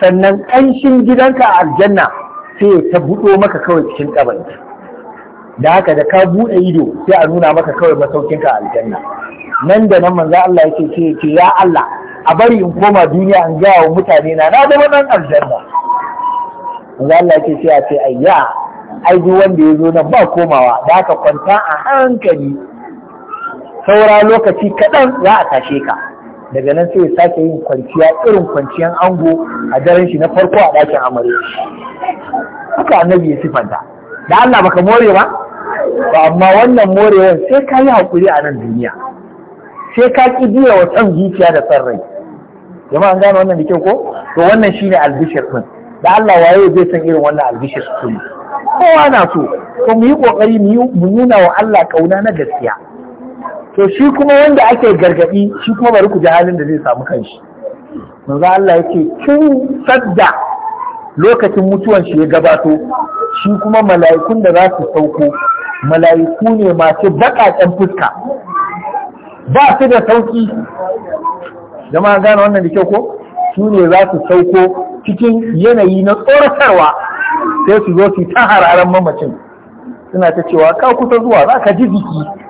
sannan ƙanshin gidanka a aljanna sai ta buɗo maka kawai cikin ƙabanta da haka da ka buɗe ido sai a nuna maka kawai masaukinka a aljanna nan da nan manzo Allah yake ce ce ya Allah a bari in koma duniya in gaya wa mutane na na zama nan aljanna manzo Allah yake ce a ce ayya ai duk wanda ya zo nan ba komawa da haka kwanta a hankali saura lokaci kaɗan za a tashe ka daga nan sai ya sake yin kwanciya irin kwanciyan ango a daren shi na farko a ɗakin amaryar. haka annabi ya sifanta da Allah baka more ba Ba amma wannan morewar sai ka yi hakuri a nan duniya sai ka ƙi biya wa san zuciya da san rai jama'a an gane wannan da kyau ko to wannan shine albishir din da Allah waye zai san irin wannan albishir din kowa na so ko mu yi kokari mu nuna wa Allah ƙauna na gaskiya to shi kuma wanda ake gargaɗi shi kuma bari ku ji halin da zai samu kanshi manzo Allah yake kin sadda lokacin mutuwan shi ya gabato shi kuma mala'ikun da za su sauko mala'iku ne masu baƙaƙen fuska ba su da sauki jama'a gane wannan da kyau ko su ne za su sauko cikin yanayi na tsoratarwa sai su zo su ta hararen mamacin suna ta cewa ka kusa zuwa za ka ji jiki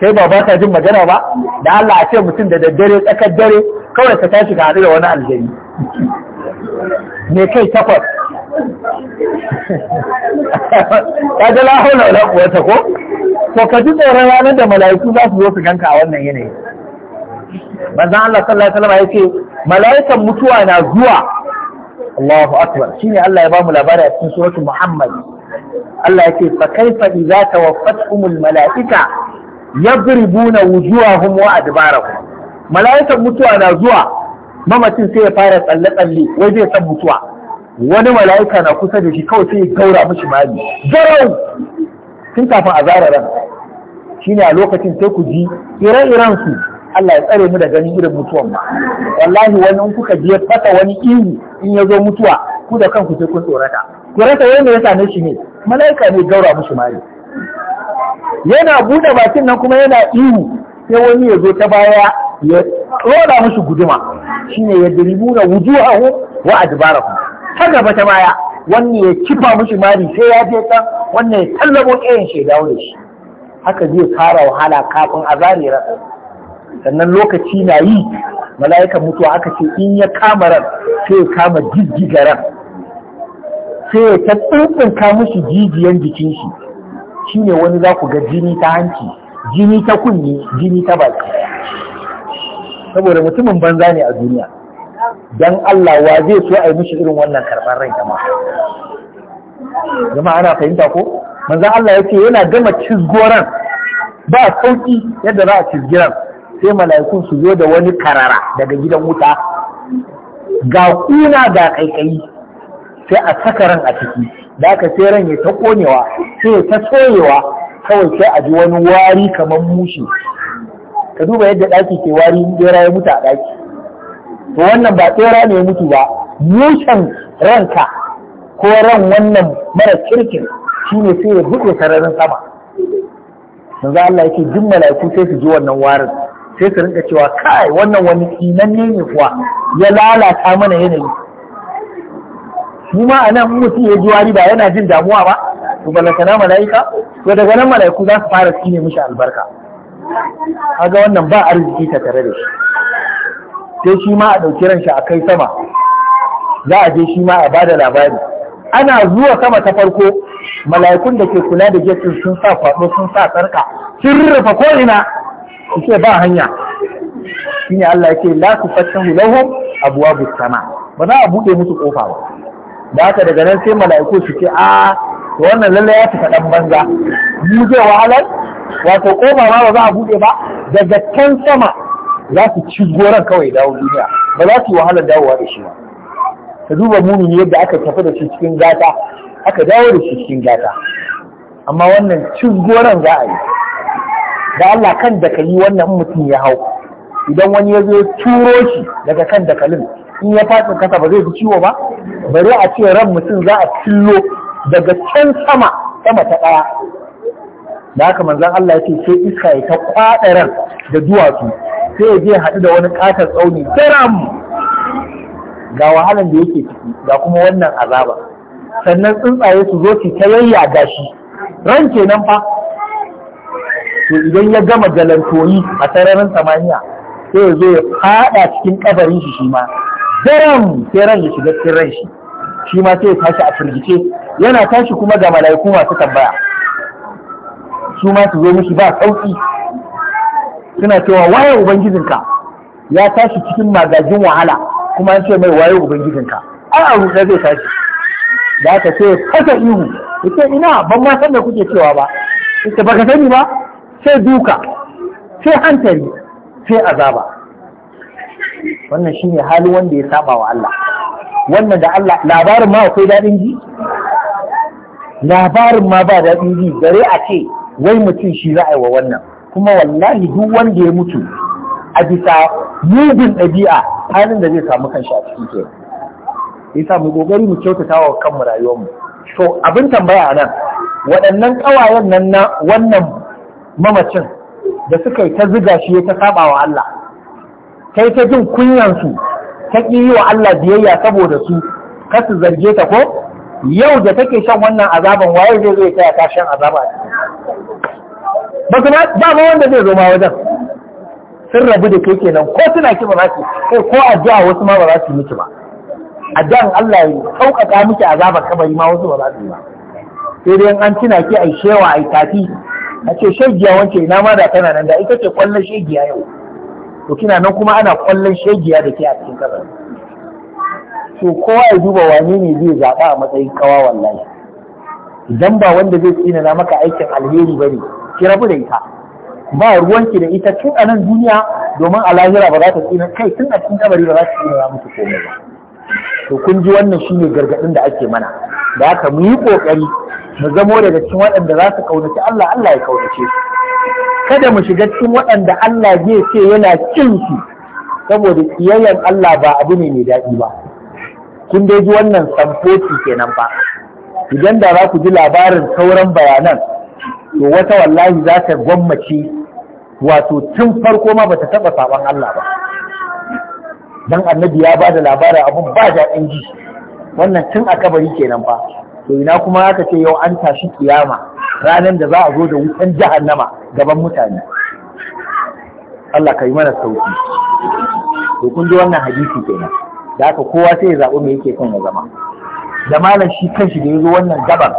kai ba ba ka jin magana ba da Allah a ce mutum da daddare tsakar dare kawai ka tashi ka haɗu da wani aljani me kai takwas ka ji lahola wala kuwata ko to ka ji tsoron ranar da mala'iku za su zo su ganka a wannan yanayi manzon Allah sallallahu alaihi wasallam yace mala'ikan mutuwa na zuwa Allahu akbar shine Allah ya ba mu labari a cikin suratul Muhammad Allah yake fa kaifa idza tawaffatuhumul mala'ika yadribuna wujuhahum wa adbarahum mala'ikan mutuwa na zuwa mamacin sai ya fara tsalle tsalle wai zai san mutuwa wani mala'ika na kusa da shi kawai sai ya gaura mishi mali zarau tun kafin a zara ran shine a lokacin sai ku ji ire-iren su Allah ya tsare mu da ganin irin mutuwan ba. wallahi wani in kuka je fata wani iri in ya zo mutuwa ku da kanku sai kun tsorata ku rasa ya same shi ne mala'ika ne gaura mishi mali yana buɗe bakin nan kuma yana ihu sai wani ya zo ta baya ya roda musu guduma shine ya diribuna wujuhahu wa adbarahu ta gaba ta baya wannan ya kifa musu mari sai ya je kan wannan ya tallabo irin shaidawo da shi haka zai fara wahala kafin azari rasa sannan lokaci na yi mala'ikan mutuwa aka ce in ya kama ran sai ya kama jijjiga ran sai ya ta tsuntsun musu jijiyan jikin shi shi shine wani za ku ga jini ta hanci jini ta kunni jini ta baki saboda mutumin banza ne a duniya Don Allah wa zai so a yi mishi irin wannan karɓar rai kama jama'a ana fahimta ko manzan Allah ya ce yana gama cizgoran ba sauƙi yadda za a cizgiran sai mala'ikun su zo da wani karara daga gidan wuta ga kuna ga kaikayi sai a saka ran a ciki da aka sai ran ya ta konewa sai ya ta tsoyewa, kawai sai a ji wani wari kamar mushi ka duba yadda ɗaki ke wari bera ya mutu a ɗaki to wannan ba tsera ne ya mutu ba mushen ranka ko ran wannan mara kirkin shine sai ya buɗe sararin sama yanzu Allah yake duk mala'iku sai su ji wannan warin sai su rinka cewa kai wannan wani tsinanne ne kuwa ya lalata mana yanayi mu ma a nan mutum ya ji wari ba yana jin damuwa ba to na mala'ika to daga nan mala'iku za su fara tsine mishi albarka kaga wannan ba arziki ta tare da shi sai shi ma a ɗauki ranshi a kai sama za a je shi ma a da labari ana zuwa sama ta farko mala'ikun da ke kula da ɗin sun sa kwaɗo sun sa sarka sun rufe ko'ina su ce ba hanya shine Allah ya ce la hulahu abuwa bu sama ba za a buɗe musu ƙofa ba da haka daga nan sai mala'iku su ce a ah, wannan lalle ya tafi dan banza mu zai wahalar wato koma ma ba za a buɗe ba daga can sama za su ci goran kawai dawo duniya ba za su yi wahalar dawowa da shi ba ka duba munin yadda aka tafi da shi cikin gata aka dawo da shi cikin gata amma wannan ci goran za a yi da Allah kan da ka yi wannan mutum ya hau idan wani ya zo turo shi daga kan dakalin in ya faɗi kasa ba zai fi ciwo ba Bari a ce ran mutum za a cillo daga can sama sama ta ɗaya da haka manzon Allah ya ce sai iska ya ta kwaɗa ran da duwatsu sai ya je haɗu da wani ƙatar tsauni daram ga wahalan da yake ciki ga kuma wannan azaba sannan tsuntsaye su zo su ta yayya gashi ran kenan fa to idan ya gama galantoyi a sararin samaniya sai ya zo ya fada cikin kabarin shi shi ma daram sai ran ya shiga cikin ran shi shi ma sai ya tashi a firgice yana tashi kuma ga mala'iku masu tambaya su ma su zo mishi ba sauki suna cewa waye ubangijinka ya tashi cikin magajin wahala kuma an ce mai waye ubangijinka an a ruɗe zai tashi da aka ce fasa ihu ita ina ban ma san da kuke cewa ba ita baka sani ba sai duka sai hantari sai azaba wannan shine halin wanda ya saba wa Allah wannan da Allah labarin ma akwai daɗin ji labarin ma ba daɗin ji gare a ce wai mutum shi za a yi wa wannan kuma wallahi duk wanda ya mutu a bisa mugun ɗabi'a halin da zai samu kan a cikin ke sa mu kokari mu kyautata wa kanmu mu. to abin tambaya nan waɗannan ƙawayen nan na wannan mamacin da suka yi ta ziga shi ya ta saba wa Allah kai ta jin kunyansu ta ƙi yi wa Allah biyayya saboda su kasu zarge ta ko yau da take shan wannan azaban waye zai zai ya ta shan azaba ba kuma ba ma wanda zai zo ma wajen sun rabu da kai kenan ko suna ki ba za su kai ko addu'a wasu ma ba za su miki ba addu'an Allah ya sauƙaƙa miki azabar kabari ma wasu ba za su yi ba sai dai an tuna ki ai shewa ai tafi a ce shegiya wance ina ma da tana nan da ita ce kwallon shegiya yau to kina nan kuma ana kwallon shegiya da ke a cikin kasar to kowa ya duba wane ne zai zaɓa a matsayin kawa wallahi idan ba wanda zai tsina na maka aikin alheri ba ne ki rabu da ita ba ruwanki da ita tun a nan duniya domin a lahira ba za ta tsina kai tun a cikin kabari ba za ta tsina muku komai ba to kun ji wannan shine gargaɗin da ake mana da haka mu yi ƙoƙari mu zamo daga cikin waɗanda za su kaunaci Allah Allah ya kaunace su kada mu shiga cikin waɗanda Allah zai ce yana cin su saboda kiyayyen Allah ba abu ne mai daɗi ba kun dai ji wannan samfoti kenan ba idan da za ku ji labarin sauran bayanan to wata wallahi za ta gwammace wato tun farko ma bata taɓa saban Allah ba dan annabi ya ba da labarin abun ba da ji wannan tun a kabari kenan fa to ina kuma aka ce yau an tashi kiyama ranar da za a zo da wutan jahannama gaban mutane Allah ka yi mana sauki to kun ji wannan hadisi kenan da aka kowa sai ya zaɓi me yake son ya zama da malam shi kanshi da ya zo wannan gabar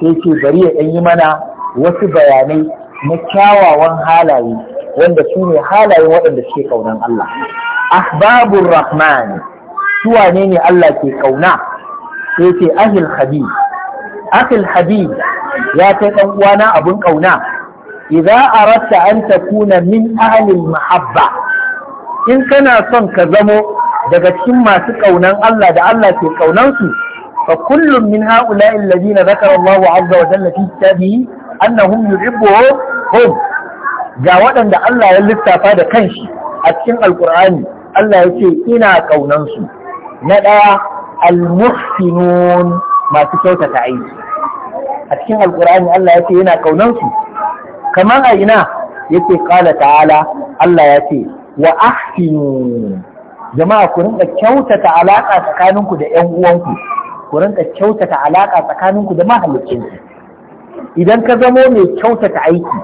sai ce bari ya ɗan yi mana wasu bayanai na kyawawan halaye wanda su ne halayen waɗanda suke ƙaunan Allah ahbabur rahman su wanene ne Allah ke ƙauna sai ce ahil habib ahil habib ya kai dan uwana abun kauna idza aratta an takuna min ahlil mahabba in kana son ka zamo daga cikin masu kaunan Allah da Allah ke kaunan su fa kullum min ha'ula'i alladhina zakara Allahu azza wa jalla fi kitabihi annahum yuhibbuhum ga waɗanda Allah ya lissafa da kanshi a cikin alkur'ani Allah ya ce ina kaunan su na ɗaya al-muhsinun masu kyautata aiki a cikin alkur'ani Allah ya ce yana kaunan kamar a ina yake kala ta'ala Allah ya ce wa ahsinu jama'a ku rinka kyautata alaka tsakaninku da ƴan uwanku ku rinka kyautata alaka tsakaninku da mahalicinku idan ka zamo mai kyautata aiki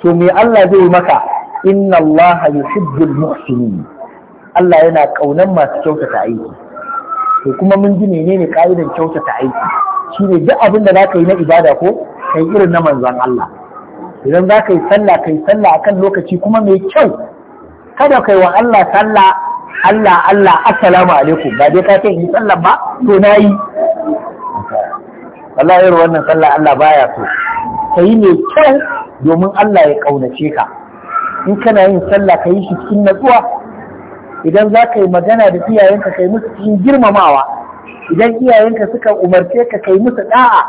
to me Allah zai maka inna Allah yuhibbul muhsinin Allah yana kaunan masu kyautata aiki to kuma mun ji menene ka'idan kyautata aiki shine duk abin da za ka yi na ibada ko kai irin na manzon Allah idan za ka yi sallah kai sallah akan lokaci kuma mai kyau kada kai wa Allah sallah Allah Allah assalamu alaikum ba dai ka ce yi sallah ba to na yi wallahi irin wannan sallah Allah baya so ka yi mai kyau domin Allah ya kaunace ka in kana yin sallah ka yi shi cikin natsuwa idan za ka yi magana da iyayenka kai musu cikin girmamawa idan iyayenka suka umarce ka kai musu da'a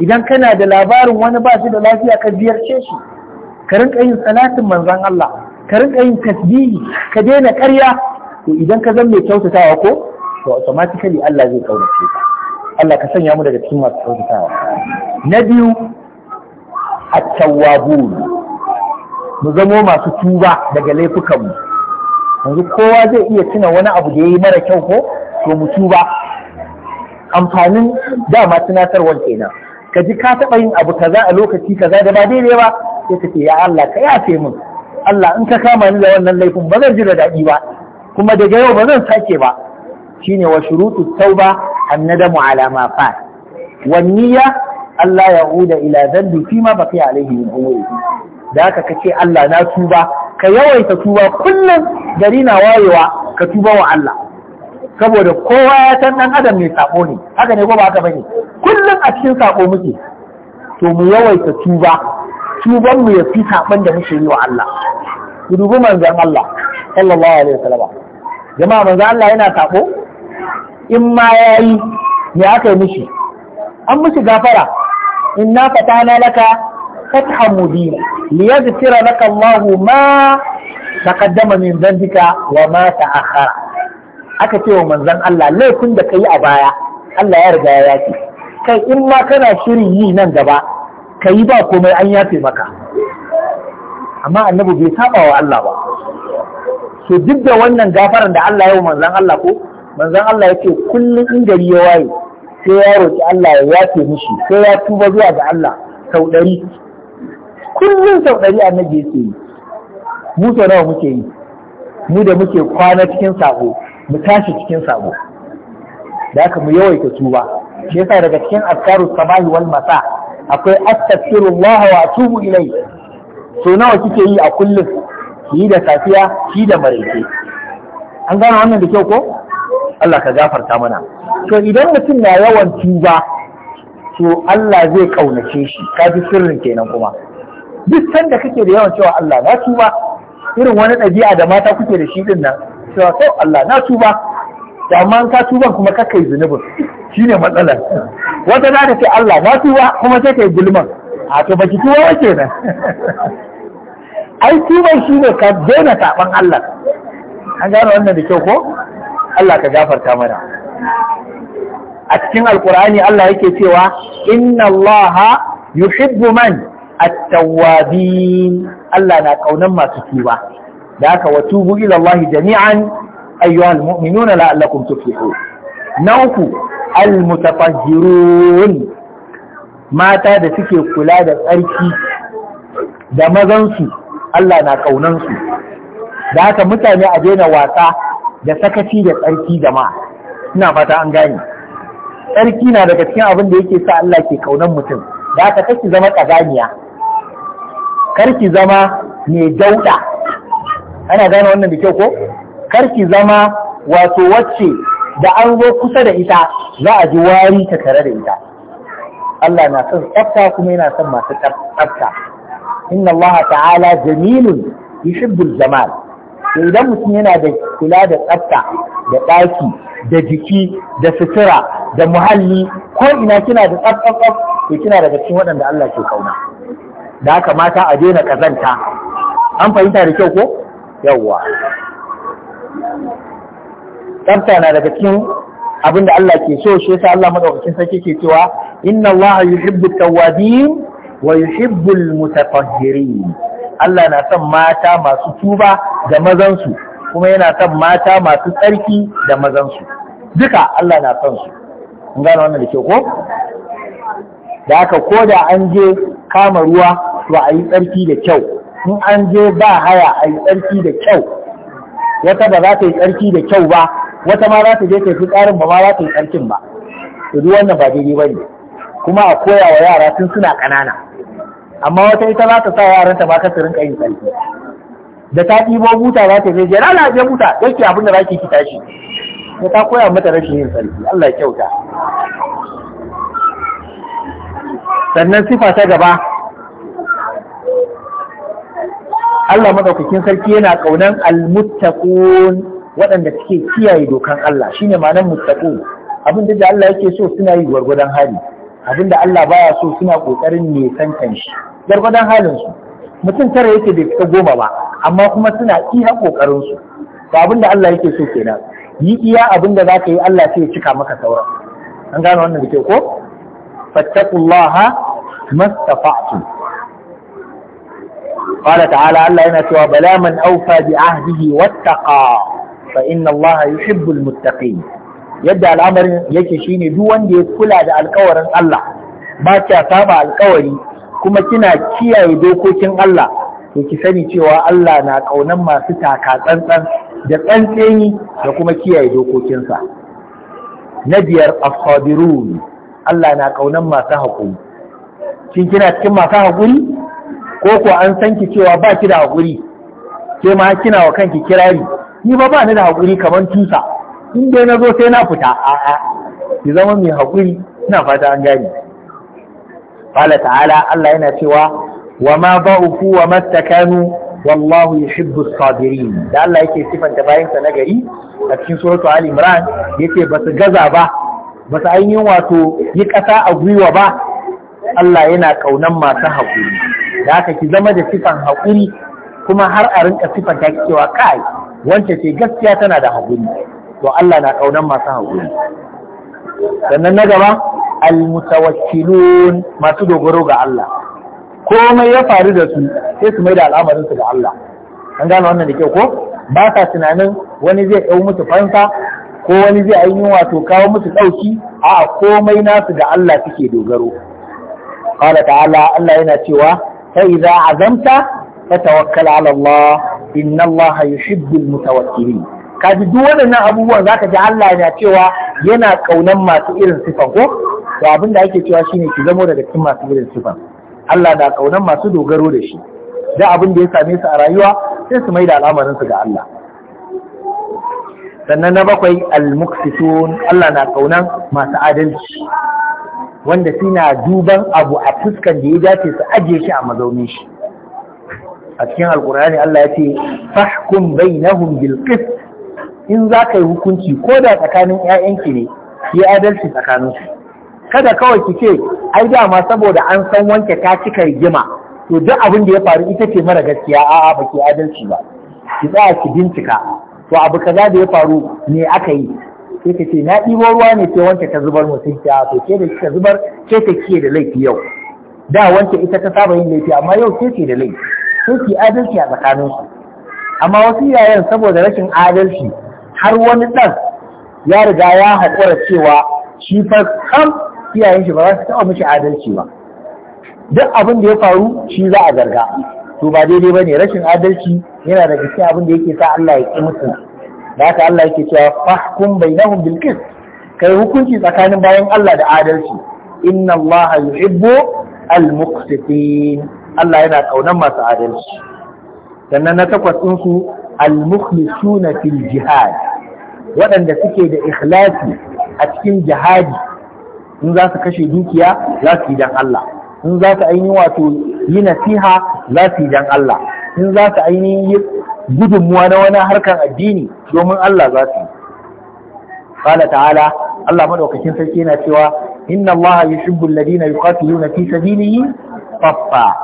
idan kana da labarin wani ba shi da lafiya ka ziyarce shi ka rinka yin salatin manzon Allah ka rinka yin tasbihi ka daina ƙarya to idan ka zan mai kyautatawa ko to automatically Allah zai kaunace ka Allah ka sanya mu daga cikin masu kyautatawa na biyu at-tawwabun mu zamo masu tuba daga laifukanmu yanzu kowa zai iya tuna wani abu da ya yi mara kyau ko to mu tuba amfanin dama tunatarwar kenan ka ji ka taɓa yin abu kaza a lokaci kaza da ba daidai ba sai ka ce ya Allah ka yafe min Allah in ka kama ni da wannan laifin ba zan ji da daɗi ba kuma daga yau ba zan sake ba shine wa shurutu tauba annadamu ala ma fa wa niyya Allah ya huda ila dhanbi fi ma baqiya alaihi min umuri da haka kace Allah na tuba ka yawaita tuba kullum gari na wayewa ka tuba wa Allah saboda kowa ya san ɗan adam mai saƙo ne haka ne ko ba haka bane kullum a cikin sako muke to mu yawaita tuba tuban mu ya fi saban da muke yi wa Allah ku dubi manzon Allah sallallahu alaihi wasallam jama'a manzon Allah yana sako in ma yayi me aka yi mishi an mishi gafara inna fatana laka fathan mubin liyaghfira laka Allahu ma taqaddama min dhanbika wa ma ta'akhkhara aka ce wa manzon Allah laifin da kai a baya Allah ya riga ya yaki. kai in ma kana shirin yi nan gaba kai ba komai an yafe maka amma annabi bai saba wa Allah ba so duk da wannan gafaran da Allah ya yi wa manzon Allah ko manzon Allah ya ce kullum in gari ya waye sai ya roki Allah ya yafe mishi sai ya tuba zuwa ga Allah sau ɗari kullum sau ɗari annabi yake yi mu nawa muke yi mu da muke kwana cikin sabo mu tashi cikin sabo da aka mu yawaita tuba shi yasa daga cikin askaru sabahi wal masa akwai astaghfirullah wa atubu ilai so nawa kike yi a kullum yi da safiya shi da maraice an gano wannan da kyau ko Allah ka gafarta mana to idan mutum na yawan tuba to Allah zai kaunace shi ka sirrin kenan kuma duk sanda kake da yawan cewa Allah na tuba irin wani ɗabi'a da mata kuke da shi din nan cewa to Allah na tuba da amma ka tuba kuma ka kai zunubin shine matsalar wata za ta ce Allah na tuba kuma sai kai gulman a to baki tuba wace nan ai shi shine ka daina saban Allah an gano wannan da kyau ko Allah ka gafarta mana a cikin alkur'ani Allah yake cewa inna Allah yuhibbu man at-tawwabin Allah na kaunan masu tuba da haka wa tubu ila Allah jami'an ayyuhal mu'minuna la'allakum tuflihun na uku al mutafahhirun mata da suke kula da tsarki da mazan su. Allah na su. da haka mutane a daina wasa da sakaci da tsarki jama'a ina fata an gane tsarki na daga cikin abin da yake sa Allah ke ƙaunan mutum da haka kake zama ƙazaniya karki zama mai dauda ana gane wannan da kyau ko karki zama wato wacce da an zo kusa da ita za a ji wari ta tare da ita Allah na son tsafta kuma yana son masu tsafta inna Allah ta'ala jamilun yuhibbul jamal to idan mutum yana da kula da tsafta da ɗaki da jiki da sutura da muhalli ko ina kina da tsaf tsaf to kina daga cikin waɗanda Allah ke kauna da aka mata a daina kazanta an fahimta da kyau ko yawwa tsafta na daga cikin abin da Allah ke so shi sa Allah madaukakin sarki ke cewa inna Allah yuhibbu tawwabin wa yuhibbu almutatahhirin Allah na son mata masu tuba da mazansu kuma yana son mata masu tsarki da mazansu duka Allah na son su gane wannan da ke ko da aka koda an je kama ruwa to a yi tsarki da kyau in an je ba haya a yi tsarki da kyau wata ba za ta yi tsarki da kyau ba wata ma za ta je ta fi tsarin ba ma za ta yi tsarkin ba to duk wannan ba daidai ba ne kuma a koya wa yara tun suna ƙanana amma wata ita za ta sa yaranta ba ka su rinka yin tsarki da ta ɗibo buta za ta zai je rana je buta yake abin da za ki tashi sai ta koya mata rashin yin tsarki Allah ya kyauta sannan sifa ta gaba Allah madaukakin sarki yana kaunan almuttaqun waɗanda suke kiyaye dokan Allah shine ma'anar muttaqun abin da Allah yake so suna yi gwargwadon hali abin Allah baya so suna kokarin nisantan shi gwargwadon halin su mutum tara yake bai fita goma ba amma kuma suna iya kokarin su to abin da Allah yake so kenan yi iya abinda da zaka yi Allah sai ya cika maka sauran an gane wannan da ke ko fattaqullaha mastata'tum qala ta'ala Allah yana cewa bala man awfa bi ahdihi wattaqa fa inna Allah yuhibbul muttaqin yadda al'amarin yake shine duk wanda ya kula da alkawarin Allah ba ta saba alkawari kuma kina kiyaye dokokin Allah to ki sani cewa Allah na kaunan masu taka tsantsan da tsantseni da kuma kiyaye dokokinsa na biyar as Allah na kaunan masu haƙuri shin kina cikin masu haƙuri ko ko an san ki cewa ba ki da haƙuri ke ma kina wa kanki kirari ni ba ba ni da haƙuri kamar tusa in dai na sai na fita a'a ki zama mai haƙuri ina fata an gani qala ta'ala Allah yana cewa wa ma ba'u wa mastakanu wallahu yuhibbu sabirin da Allah yake sifanta bayan sa nagari a cikin suratu ali imran yace basu gaza ba basu ainihin wato yi ƙasa a gwiwa ba Allah yana kaunan masu haƙuri da haka ki zama da sifan haƙuri kuma har a rinka sifan ta cewa kai wanda ce gaskiya tana da haƙuri to Allah na kaunan masu haƙuri sannan na gaba almutawakkilun masu dogaro ga Allah komai ya faru da su sai su mai da al'amarin su ga Allah an gano wannan da kyau ko ba sa tunanin wani zai ɗau musu fansa ko wani zai ainihin wato kawo musu ɗauki Aa komai nasu da Allah suke dogaro. Kala ta'ala Allah yana cewa فإذا عزمت فتوكل على الله إن الله يحب المتوكلين kaji duk waɗannan abubuwan za ka ji Allah na cewa yana ƙaunar masu irin sifan ko to abin da ake cewa shine ki zamo daga cikin masu irin sifan Allah na ƙaunar masu dogaro da shi da abin da ya same su a rayuwa sai su mai da al'amarin su ga Allah sannan na bakwai al-muqsitun Allah na ƙaunar masu adalci wanda suna duban abu a fuskan da ya dace su ajiye shi a mazaunin shi a cikin alkur'ani Allah ya ce fahkum bainahum bil qist in za ka yi hukunci ko da tsakanin ƴaƴanki ne yi adalci tsakanin su kada kawai ki ce ai dama saboda an san wanke ta cika rigima to duk abin da ya faru ita ce mara gaskiya a'a ba ki adalci ba ki tsaya ki bincika to abu kaza da ya faru ne aka yi sai ka ce na ɗibo ruwa ne ke wanke ta zubar mutum ta to ke da ta zubar ke ta kiye da laifi yau da wanke ita ta saba yin laifi amma yau ke ce da laifi sai ki adalci a tsakanin su amma wasu iyayen saboda rashin adalci har wani ɗan ya riga ya haƙura cewa shi fa kam iyayen shi ba za su taɓa mishi adalci ba duk abin da ya faru shi za a zarga to ba daidai ba ne rashin adalci yana da gaske abin da yake sa Allah ya ƙi mutum da haka Allah yake cewa fahkum bainahum bil qist kai hukunci tsakanin bayan Allah da adalci inna Allah yuhibbu al muqsitin Allah yana kaunar masu adalci sannan na takwas din su al mukhlisuna fil jihad waɗanda suke da ikhlasi a cikin jihadi in za su kashe dukiya za su yi dan Allah in za su ainihin wato yi nasiha za su yi dan Allah in za su ainihin gudunmuwa na wani harkar addini domin Allah za su yi qala ta'ala Allah maɗaukacin sarki yana cewa inna Allah yuhibbu alladhina yuqatiluna fi sabilihi saffa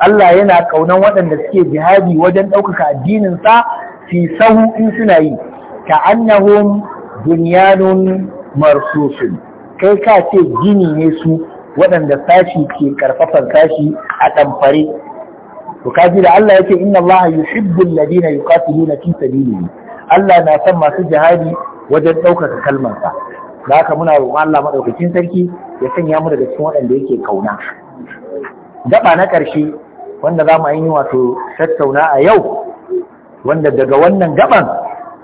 Allah yana ƙaunan waɗanda suke jihadi wajen ɗaukaka addinin sa fi sahu in suna yi ka'annahum bunyanun marsusun kai ka ce gini ne su waɗanda sashi ke karfafan sashi a ɗamfare to kaji da Allah yake inna Allah yuhibbu alladhina yuqatiluna fi sabilihi Allah na son masu jihadi wajen ɗaukaka kalmarsa da haka muna roƙon Allah madaukakin sarki ya sanya mu daga cikin waɗanda yake kauna daba na ƙarshe wanda za mu yi wato tattauna a yau wanda daga wannan gaban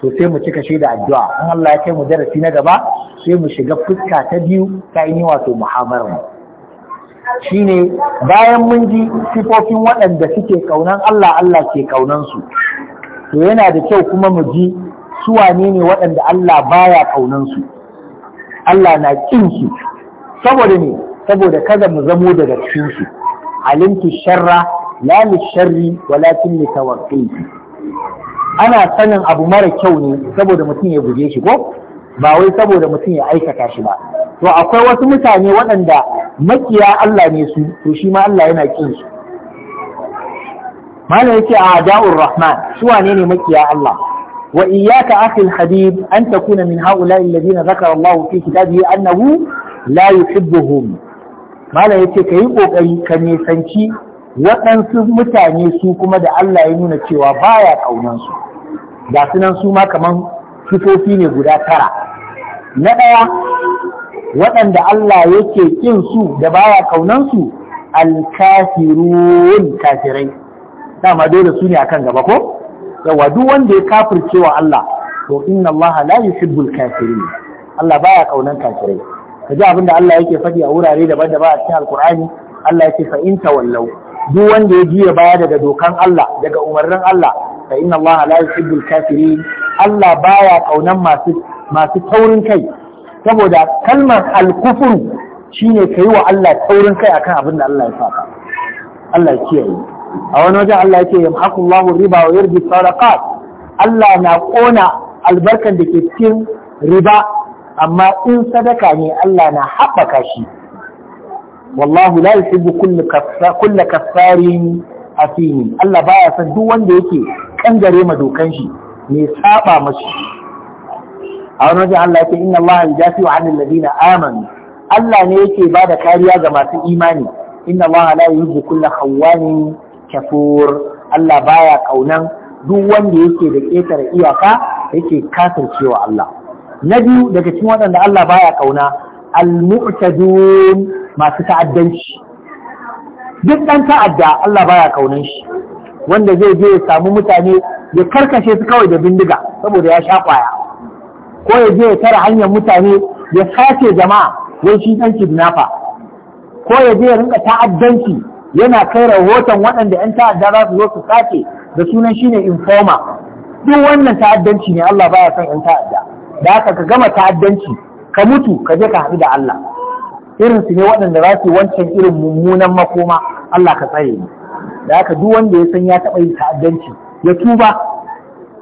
to sai mu cika shi da addu'a in Allah ya kai mu darasi na gaba sai mu shiga fuska ta biyu ta yi wato muhamarar mu Shi ne bayan mun ji sifofin waɗanda suke ƙaunan Allah Allah ke ƙaunansu to yana da kyau kuma mu ji su wane ne waɗanda Allah baya ƙaunansu Allah na ƙin su saboda ne saboda kada mu zamo daga cikin su alimtu sharra la li sharri walakin li tawaqqihi ana sanin abu mara kyau ne saboda mutum ya guje shi ko ba wai saboda mutum ya aikata shi ba to akwai wasu mutane waɗanda makiya Allah ne su to shi ma Allah yana kin su malam yake a da'ur rahman su wane ne makiya Allah wa iyyaka akhi habib an takuna min ha'ula'i alladhina zakara Allah fi kitabihi annahu la yuhibbuhum malam yace kai kokari ka nisanci waɗansu mutane su kuma da Allah ya nuna cewa baya kaunan su ga sunan su ma kaman sifofi ne guda tara na ɗaya waɗanda Allah yake kin su da baya kaunan su alkafirun kafirai dama dole su ne akan gaba ko yawa duk wanda ya kafirce wa Allah to inna Allah la yuhibbul kafirin Allah baya kaunan kafirai kaji abinda Allah yake faɗi a wurare daban-daban a cikin Alkur'ani Allah yake fa in tawallau duk wanda ya jiya baya daga dokan Allah daga umarnin Allah fa inna Allah la yuhibbul kafirin Allah baya kaunan masu masu taurin kai saboda kalmar alkufuru shine ka yi wa Allah taurin kai akan abin da Allah ya saka Allah ya kiyaye a wani wajen Allah ya ce yamhaqullahu riba wa yarbi sadaqat Allah na ƙona albarkan da ke cikin riba amma in sadaka ne Allah na haɓaka shi wallahu la yuhibbu kulla kaffarin afini Allah baya son duk wanda yake kangare ma dokan shi ne saba mashi a wani wajen Allah yake inna Allah yajafi wa anil ladina amanu Allah ne yake ba da kariya ga masu imani inna Allah la yuhibbu kulla khawwani kafur Allah baya kaunan duk wanda yake da ƙetare iyaka yake kasancewa Allah na biyu daga cikin waɗanda Allah baya kauna al-mu'tadun masu ta'addanci duk ɗan ta'adda Allah baya kaunan shi wanda zai je ya samu mutane ya karkashe su kawai da bindiga saboda ya sha kwaya ko ya je ya tara hanyar mutane ya sace jama'a wai shi dan kidnapa ko ya je ya rinka ta'addanci yana kai rahoton waɗanda 'yan ta'adda za su zo su sace da sunan shine informer duk wannan ta'addanci ne Allah baya son 'yan ta'adda da haka ka gama ta'addanci ka mutu ka je ka haɗu da Allah irin su ne waɗanda za su wancan irin mummunan makoma Allah ka tsare ni da haka duk wanda ya san ya taɓa yin ta'addanci ya tuba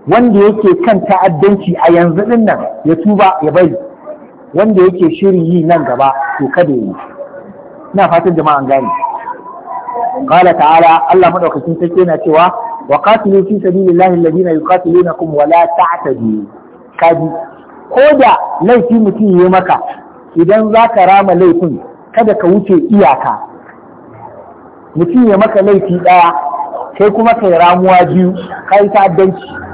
wanda yake kan ta'addanci a yanzu ɗin nan ya tuba ya bari wanda yake shirin yi nan gaba to kada yi ina fatan jama'a an gane qala ta'ala Allah madaukakin sarki yana cewa wa qatilu fi sabilillahi alladhina yuqatilunakum wa la ta'tadu kaji koda laifi mutum yi maka idan za ka rama laifin kada ka wuce iyaka mutum ya maka laifi ɗaya sai kuma kai ramuwa biyu kai ta'addanci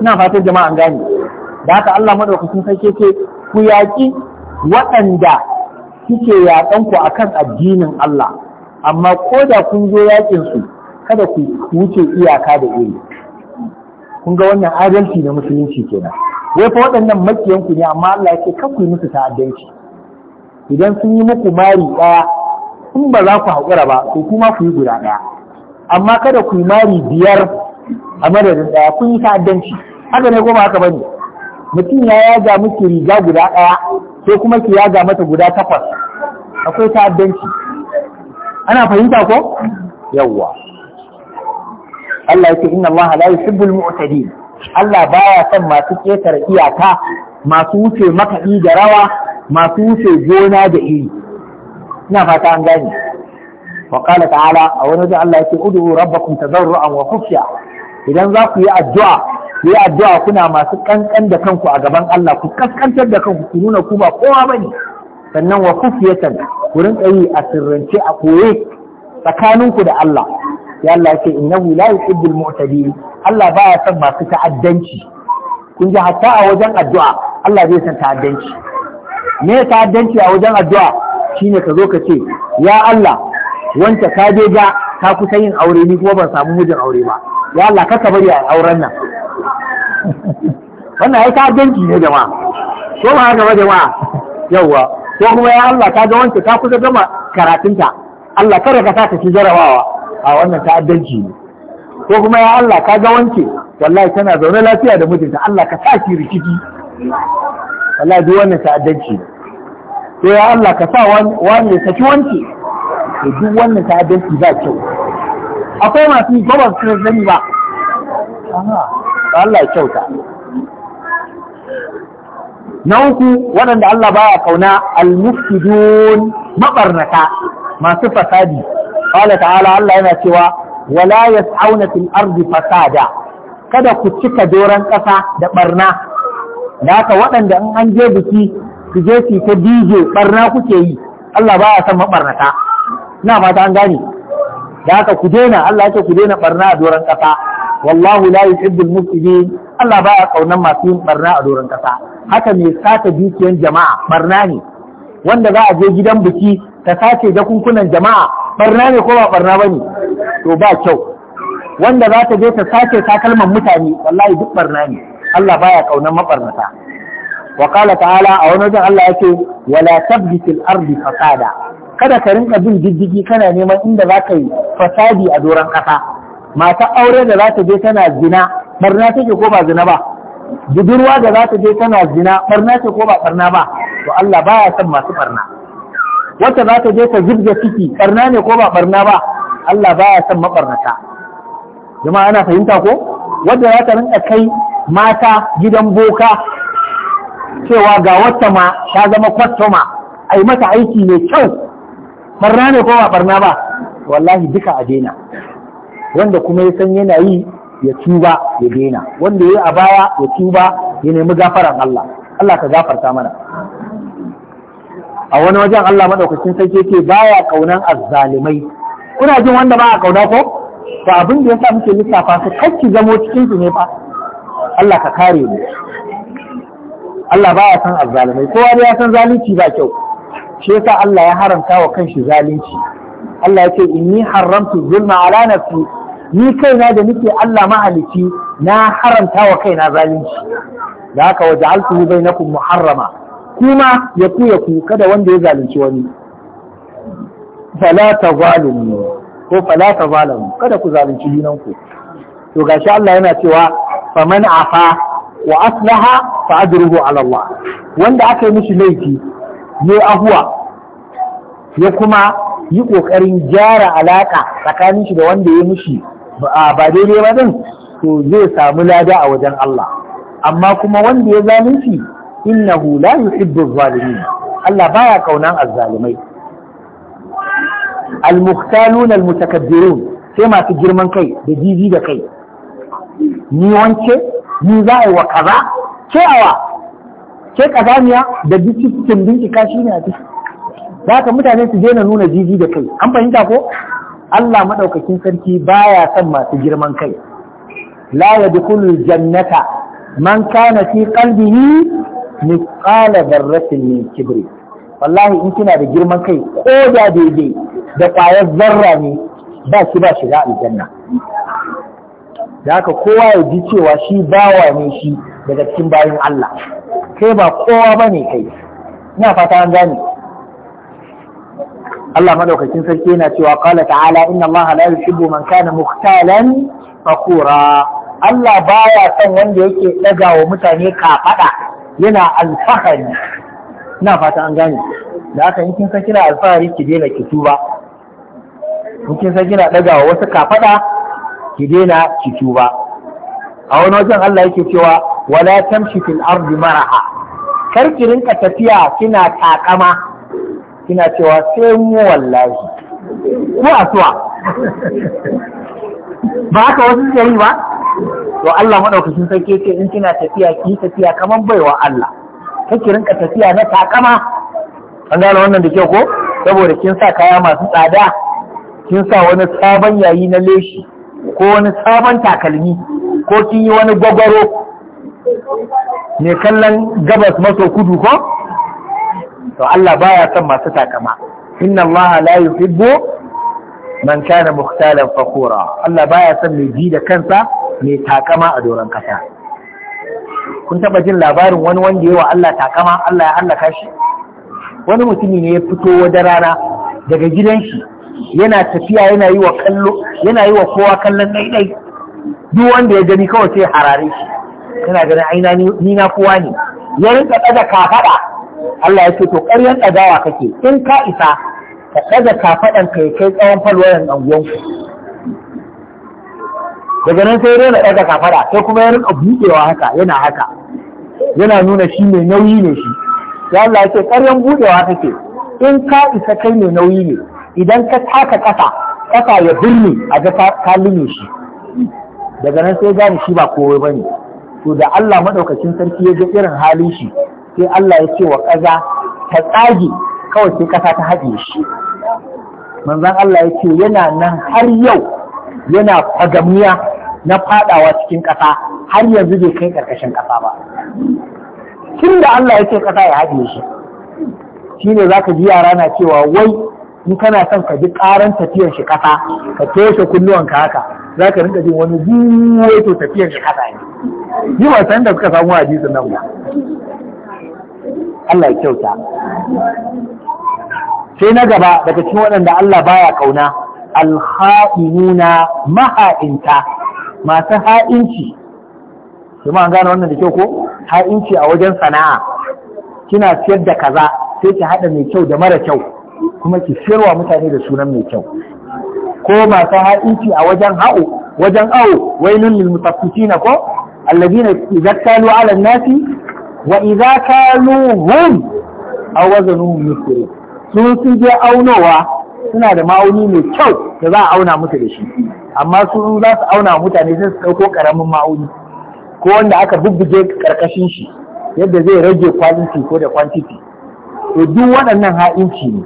ina fatan jama'a an gane da haka Allah madaukakin sarki keke ku yaƙi waɗanda suke yaƙan ku akan addinin Allah amma ko da kun zo yaƙin su kada ku wuce iyaka da iri kun ga wannan adalci da musulunci kenan wai fa waɗannan makiyan ku ne amma Allah yake kar ku yi musu ta'addanci idan sun yi muku mari ɗaya in ba za ku haƙura ba to kuma ku yi guda ɗaya amma kada ku yi mari biyar a madadin ɗaya kun yi ta'addanci haka ne goma haka bane mutum ya yaga muke riga guda ɗaya sai kuma ki yaga mata guda takwas akwai ta'addanci ana fahimta ko yawwa Allah yake inna Allah la al mu'tadin Allah baya son masu ketar iyaka masu wuce makaɗi da rawa masu wuce gona da iri ina fata an gane wa qala ta'ala a wani da Allah yake ud'u rabbakum tadarruan wa khufya idan za ku yi addu'a ku yi addu'a kuna masu kankan da kanku a gaban Allah ku kaskantar da kanku ku nuna ku ba kowa bane sannan wa ya ku rinka yi a sirrance a koye tsakaninku da Allah ya Allah ce innahu yi ƙibbul mu'tadin Allah baya son masu ta'addanci kun ji hatta a wajen addu'a Allah zai san ta'addanci me ta'addanci a wajen addu'a shine ka zo ka ce ya Allah wanda ka je ga ta kusa yin aure ni kuma ban samu mijin aure ba ya Allah kasa bari a auren nan wannan ai ta'addanci ne jama'a ko ma haka ba jama'a yawwa ko kuma ya Allah ka ga wanke ka kusa gama karatunta Allah kada ka saka shi jarabawa a wannan ta'addanci ne ko kuma ya Allah ka ga wanke wallahi tana zaune lafiya da mijinta Allah ka sa shi rikici wallahi duk wannan ta'addanci ne sai ya Allah ka sa wani ya saki wanke duk wannan ta'addanci ba kyau akwai masu yi ba su sani ba Allah kyauta na uku waɗanda Allah baya kauna al-mufsidun mabarnata masu fasadi qala ta'ala Allah yana cewa wala yas'auna fil ardi fasada kada ku cika doron ƙasa da barna da haka waɗanda in an je biki su je su ta dije barna kuke yi Allah baya son mabarnata ina fata an gane da haka ku daina Allah ya ce ku daina barna a doron kasa wallahu la yuhibbul mufsidin Allah baya kaunan masu yin barna a doron kasa haka ne sata dukiyan jama'a barna ne wanda za a je gidan biki ta sace jakunkunan jama'a barna ne ko ba barna bane to ba kyau wanda za ta je ta sace takalman mutane wallahi duk barna ne Allah baya kaunan mabarnata wa qala ta'ala a wani wajen Allah yake wala tabditil ardi fasada kada ka rinka bin diddigi kana neman inda za ka yi fasadi a doron kasa mata aure da za ta je tana zina barna take ko ba zina ba budurwa da za ta je tana zina barna take ko ba barna ba to Allah baya son masu barna wata za ta je ta zubda ciki barna ne ko ba barna ba Allah baya son mabarnata jama'a ana fahimta ko wanda za ta rinka kai mata gidan boka cewa ga wata ma ta zama kwastoma a yi mata aiki mai kyau barna ne ko ba barna ba wallahi duka a daina wanda kuma ya san yana yi ya tuba ya daina wanda ya yi a baya ya tuba ya nemi gafaran Allah Allah ka gafarta mana a wani wajen Allah madaukakin sarki yake baya kaunan azzalimai kuna jin wanda ba a kauna ko to abin da yasa muke lissafa su kacci zamo cikin su ne fa Allah ka kare mu Allah baya san azzalimai kowa ya san zalunci ba kyau shi yasa Allah ya haramta wa kanshi zalunci Allah ya ce inni haramtu zulma ala nafsi ni kaina da nake Allah mahalici na haramta wa kaina zalunci da haka waje altuhu bainakum muharrama kuma ya ku ya ku kada wanda ya zalunci wani fala tazalimu ko fala tazalimu kada ku zalunci ku. to gashi Allah yana cewa faman afa wa aslaha fa ajruhu ala Allah wanda aka yi mishi laifi ya ahuwa ya kuma yi ƙoƙarin gyara alaƙa tsakanin shi da wanda ya mishi ba daidai ba din to zai samu lada a wajen Allah amma kuma wanda ya zalunci innahu la yuhibbu zalimin Allah baya kaunan azzalimai al-mukhtaluna al-mutakabbirun sai masu girman kai da jiji da kai ni wance ni za a yi wa kaza cewa ke kazamiya da bincikin bincika shi ne a ciki za ka mutane su daina nuna jiji da kai an fahimta ko Allah madaukakin sarki baya son masu girman kai la ya yadkhulul jannata man kana fi qalbihi mithqala dharratin min kibri wallahi in kina da girman kai ko da daidai da kwayar zarra ne ba shi ba shiga aljanna da haka kowa ya ji cewa shi bawa ne shi daga cikin bayan Allah kai ba kowa ba ne kai ina fata an gane Allah madaukakin sarki yana cewa qala ta'ala inna Allah la yuhibbu man kana mukhtalan fakura Allah baya son wanda yake daga wa mutane fada yana alfahari ina fata an gane da haka in kin san kina alfahari ki daina ki tuba in kin san kina daga wa wasu fada ki daina ki ba. a wani wajen Allah yake cewa wala tamshi fil ardi maraha kar ki rinka tafiya kina takama kina cewa sai mu wallahi ko asuwa ba ka wasu suke yi ba to Allah madaukakin sarki ce in kina tafiya ki tafiya kaman baiwa Allah kake rinka tafiya na takama an gane wannan da kyau ko saboda kin sa kaya masu tsada kin sa wani sabon yayi na leshi ko wani sabon takalmi ko kin yi wani gwagwaro ne kallon gabas maso kudu ko to Allah baya son masu takama inna Allah la yuhibbu man kana mukhtalan fakhura Allah baya son mai ji da kansa mai takama a doron kasa kun taba jin labarin wani wanda yawa Allah takama Allah ya hallaka shi wani mutumi ne ya fito wata rana daga gidan shi yana tafiya yana yi wa kallo yana yi wa kowa kallon ɗaiɗai. duk wanda ya gani kawai sai harare shi kana ganin aina ni na kowa ne ya rinka ɗaga kafaɗa Allah ya ce to ƙaryan ɗagawa kake in ka isa ka ɗaga kafaɗan ka kai tsawon falwayan ku daga nan sai rena ɗaga kafaɗa sai kuma ya rinka buɗewa haka yana haka yana nuna shi mai nauyi ne shi ya Allah ya ce ƙaryan buɗewa kake in ka isa kai mai nauyi ne idan ka taka ƙasa ƙasa ya birni a ga ka lume shi daga nan sai gani shi ba kowai ba ne to da Allah maɗaukacin sarki ya ga irin hali shi sai Allah ya ce wa ƙaza ta tsage kawai sai kasa ta haɗe shi manzon Allah ya ce yana nan har yau yana fagamiya na faɗawa cikin ƙasa har yanzu bai kai ƙarƙashin ƙasa ba tun da Allah ya ce ƙasa ya haɗe shi shine zaka ji yara na cewa wai in kana son ka ji ƙaran tafiyar shi ƙasa ka toshe ka haka za ka rinka jin wani zuwaito tafiyar shi ƙasa ne yi wasan da suka samu hadisin nan ba Allah ya kyauta sai na gaba daga cikin waɗanda Allah baya kauna alha'inuna maha'inta masu ha'inci kuma an gane wannan da kyau ko ha'inci a wajen sana'a kina siyar da kaza sai ki haɗa mai kyau da mara kyau kuma ki siyarwa mutane da sunan mai kyau ko masu ha'inci a wajen ha'u wajen awo wailun lil na ko alladina idza kalu ala nasi wa idza A aw wazanuhum yusirun sun sun je aunowa suna da ma'auni mai kyau da za a auna musu da shi amma su za su auna mutane sai su ɗauko ƙaramin ma'auni ko wanda aka bubbuge ƙarƙashin shi yadda zai rage kwaliti ko da kwantiti to duk waɗannan ha'inci ne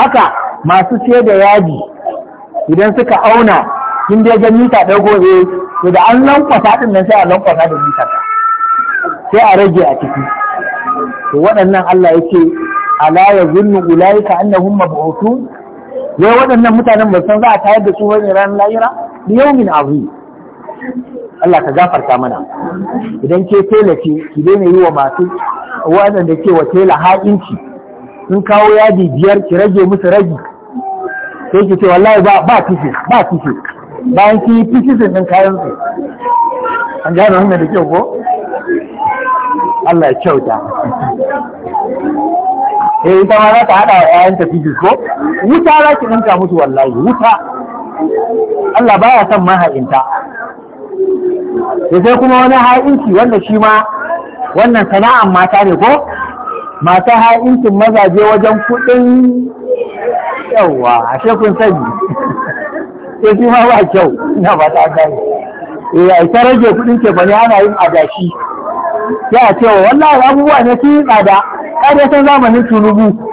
haka masu ce da yaji idan suka auna sun dai ga mita ɗaya gobe to da an lankwasa ɗin nan sai a lankwasa da mita sai a rage a ciki to waɗannan Allah ya ce ala ya zunnu ulaika annahum mab'utun wai waɗannan mutanen ba san za a tayar da su ne ranar lahira bi yawmin azim Allah ka gafarta mana idan ke tela ce ki daina yi wa masu waɗanda ke wa tela ha'inci sun kawo yadi biyar ki rage musu ragi sai ki ce wallahi ba ba tishe ba tishe bayan ki yi tishe din kayan su an gano wannan da kyau ko Allah ya kyauta eh ita ma za ta hada wa ƴaƴan ta tishe ko wuta za ki dinka musu wallahi wuta Allah baya son maha'inta sai kuma wani ha'inci wanda shi ma wannan sana'an mata ne ko mata ha'inkin mazaje wajen kuɗin yawa a shekun sani ya fi eh, ma ba kyau ina ba ta gani eh ta rage kuɗin ke bane ana yin adashi ya a wa wallahi abubuwa ne sun yi tsada ƙarya san zamanin tunubu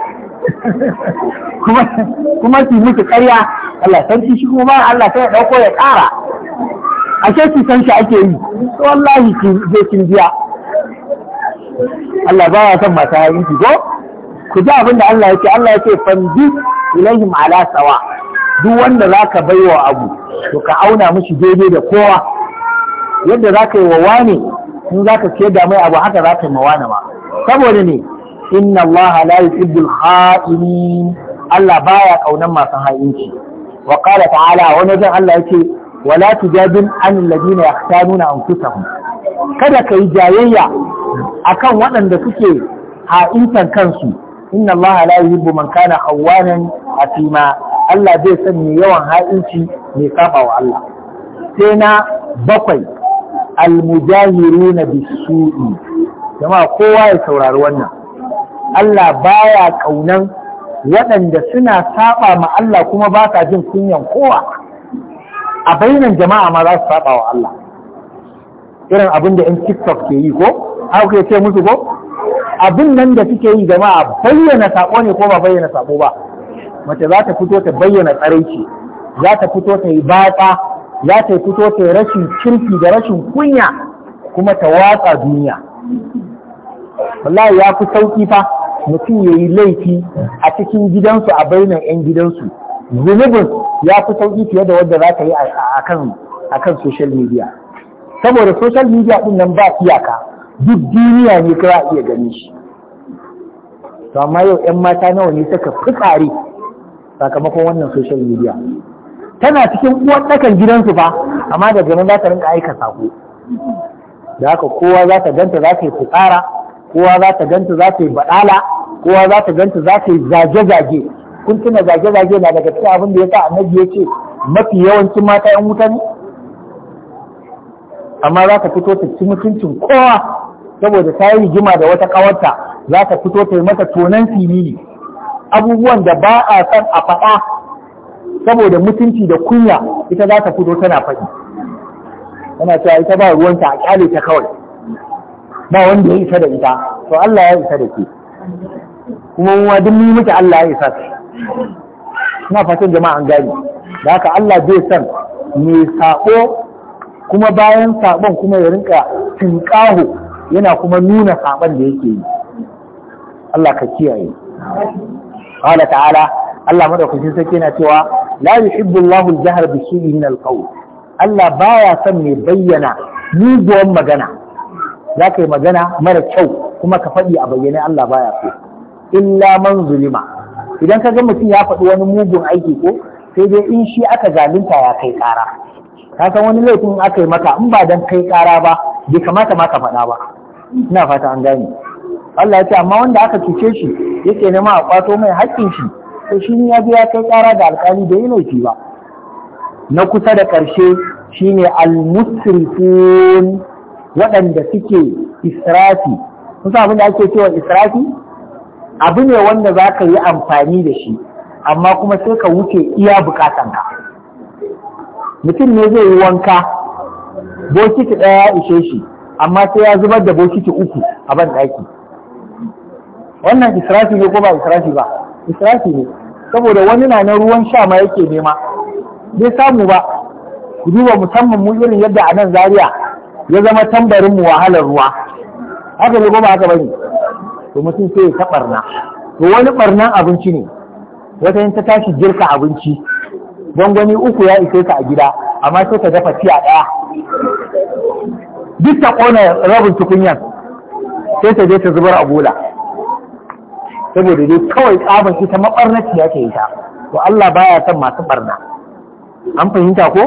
kuma su muke ƙarya Allah san shi kuma ba Allah sai ya ɗauko ya ƙara ashe ki san shi ake yi wallahi ki je kin biya Allah ba ya mata masu ha'inci ko ku ji abin da Allah yake Allah yake fanji ilaihim ala sawa duk wanda zaka baiwa abu to ka auna mashi daidai da kowa yadda zaka yi wa wani in zaka ce da mai abu haka zaka yi ma wani ma saboda ne inna Allah la yuhibbul kha'inin Allah baya kaunan masu ha'inci wa qala ta'ala wani wajen Allah yake wala tujadil an alladhina yahtanuna anfusahum kada ka yi jayayya akan waɗanda suke ha'intan kansu inna Allah la yuhibbu man kana khawwanan atima Allah zai san me yawan ha'inci mai saba wa Allah sai na bakwai almujahiruna bisu'i jama'a kowa ya saurari wannan Allah baya kaunan waɗanda suna saba ma Allah kuma ba sa jin kunyan kowa a bainan jama'a ma za su saba wa Allah irin abinda da 'yan TikTok ke yi ko aka ce musu ko abin nan da suke yi jama'a bayyana sako ne ko ba bayyana sako ba mace za ta fito ta bayyana tsaraici za ta fito ta yi batsa za ta fito ta yi rashin kirki da rashin kunya kuma ta watsa duniya wallahi ya fi sauki fa mutum ya yi laifi a cikin gidansu a bainar 'yan gidansu zunubin ya fi sauki fiye da wadda za ta yi a kan social media saboda social media din nan ba iyaka duk duniya ne kira a iya gani shi to amma yau 'yan mata nawa ne suka fi tsari sakamakon wannan social media tana cikin uwar ɗakan gidansu ba amma da nan za ta rinka aika sako da haka kowa za ta ganta za ta yi fitsara kowa za ta ganta za ta yi baɗala kowa za ta ganta za ta yi zage-zage kun tuna zage-zage na daga cikin abin da ya sa annabi ya ce mafi yawancin mata yan wuta ne amma za ta fito ta ci mutuncin kowa saboda ta yi jima da wata kawarta za ta fito ta yi mata tonan filili abubuwan da ba a san a faɗa saboda mutunci da kunya ita za ta fito tana faɗi tana cewa ita ba ruwanta a kyale ta kawai ba wanda ya isa da ita to Allah ya isa da ke kuma wa duk mun muke Allah ya isa ina fatan jama'a an gani da haka Allah bai san me sako kuma bayan sabon kuma ya rinka tinkaho yana kuma nuna saman da yake yi Allah ka kiyaye qala ta'ala Allah madaukakin sarki yana cewa la yuhibbu Allahu al-jahr bi min al-qawl Allah baya son mai bayyana muguwan magana za yi magana mara kyau kuma ka faɗi a bayyane Allah baya so illa man zulima idan ka ga mutum ya faɗi wani mugun aiki ko sai dai in shi aka zalunta ya kai ƙara ka san wani laifin aka yi maka in ba dan kai ƙara ba bai kamata ma ka faɗa ba ina fata an gane Allah ya ce amma wanda aka cuce shi yake nema a kwato mai haƙƙin shi to shi ya biya ya kai tsara da alƙali da yin laifi ba na kusa da ƙarshe shine al-musrifun waɗanda suke israfi kun san abin da ake cewa israfi abu ne wanda za ka yi amfani da shi amma kuma sai ka wuce iya ka. mutum ne zai yi wanka bokiti ɗaya ya ishe shi amma sai ya zubar da bokiti uku a ban daki wannan israfi ne ko ba israfi ba israfi ne saboda wani na na ruwan sha ma yake nema bai samu ba ku duba musamman mu irin yadda a nan zaria ya zama tambarin mu wahalar ruwa haka ne ko ba haka bane to mutum sai ya tabarna barna to wani barnan abinci ne wata yin ta tashi girka abinci gwangwani uku ya isa ka a gida amma sai ka dafa tiya ɗaya duk ta kona rabin tukunyar sai ta je ta zubar a bola saboda dai kawai tsaban ita mabarnaci ya ke ta to Allah baya son masu barna an fahimta ko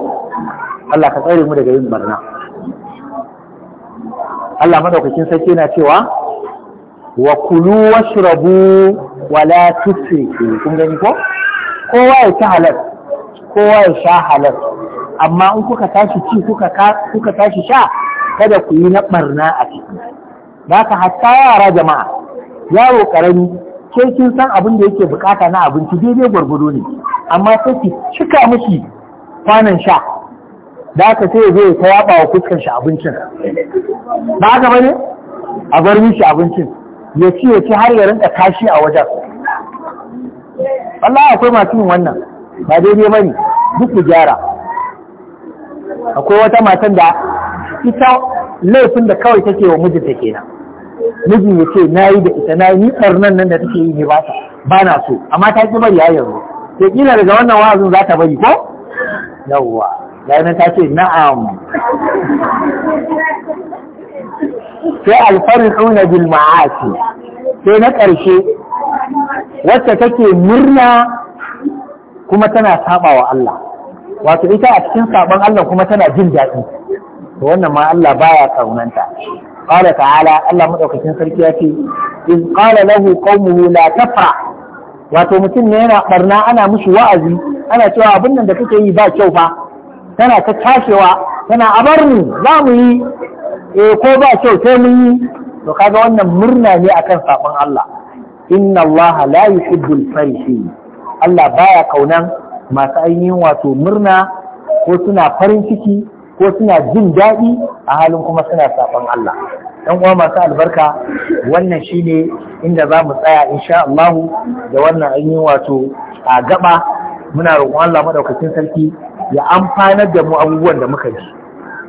Allah ka tsare mu daga yin barna Allah madaukakin sarki na cewa wa kulu washrabu wala tusrifu kun gani ko kowa ya ci halal kowa ya sha halal amma in kuka tashi ci kuka tashi sha kada ku yi na barna a ciki ba ka hatta yara jama'a yawo karami ke kin san abin da yake bukata na abinci daidai gwargwado ne amma sai ki cika mishi kwanan sha da ka sai zai ta yaba wa fuskan shi abincin ba haka bane a bar mishi abincin ya ci ya ci har ya rinka kashi a wajen Allah akwai masu yin wannan ba daidai bane duk ku gyara akwai wata matan da ita laifin da kawai take wa mijinta kenan miji ya ce na yi da ita na yi nitsar nan da take yi ne ba ba na so amma ta ki bari ya yanzu ke kila daga wannan wazin za ta bari ko yawwa bayanan ta ce na'am sai alfarihuna bil ma'asi sai na ƙarshe wacce take murna kuma tana saba wa Allah wato ita a cikin saban Allah kuma tana jin daɗi to wannan ma Allah baya kaunanta qala ta'ala Allah madaukakin sarki ya ce in qala lahu qawmuhu la tafra wato mutum ne yana barna ana mushi wa'azi ana cewa abin nan da kake yi ba kyau fa tana ta tashewa tana abarni za mu yi eh ko ba kyau sai mun yi to kaga wannan murna ne akan sabon Allah inna Allah la yuhibbul farihin Allah baya kaunan masu ainihin wato murna ko suna farin ciki ko suna jin daɗi a halin kuma suna saɓon Allah ɗan uwa masu albarka wannan shi ne inda za mu tsaya insha Allah da wannan an yi wato a gaba muna roƙon Allah maɗaukacin sarki ya amfanar da mu abubuwan da muka ji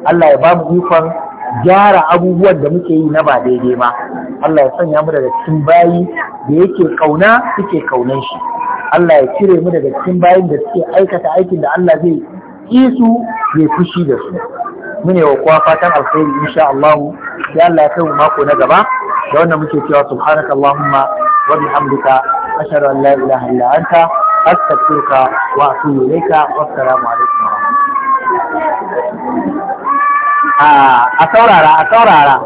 Allah ya ba mu ikon gyara abubuwan da muke yi na ba daidai ma. Allah ya sanya mu daga cikin bayi da yake kauna suke kaunan shi Allah ya cire mu daga cikin bayin da suke aikata aikin da Allah zai ƙi su ya fushi da su mune wa kuwa fatan alkhairi insha Allah sai Allah ya kai mu mako na gaba da wannan muke cewa subhanaka allahumma wa bihamdika ashhadu an la ilaha illa anta astaghfiruka wa atubu ilayka wa assalamu alaikum ah, a saurara a saurara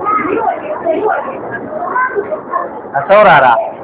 a saurara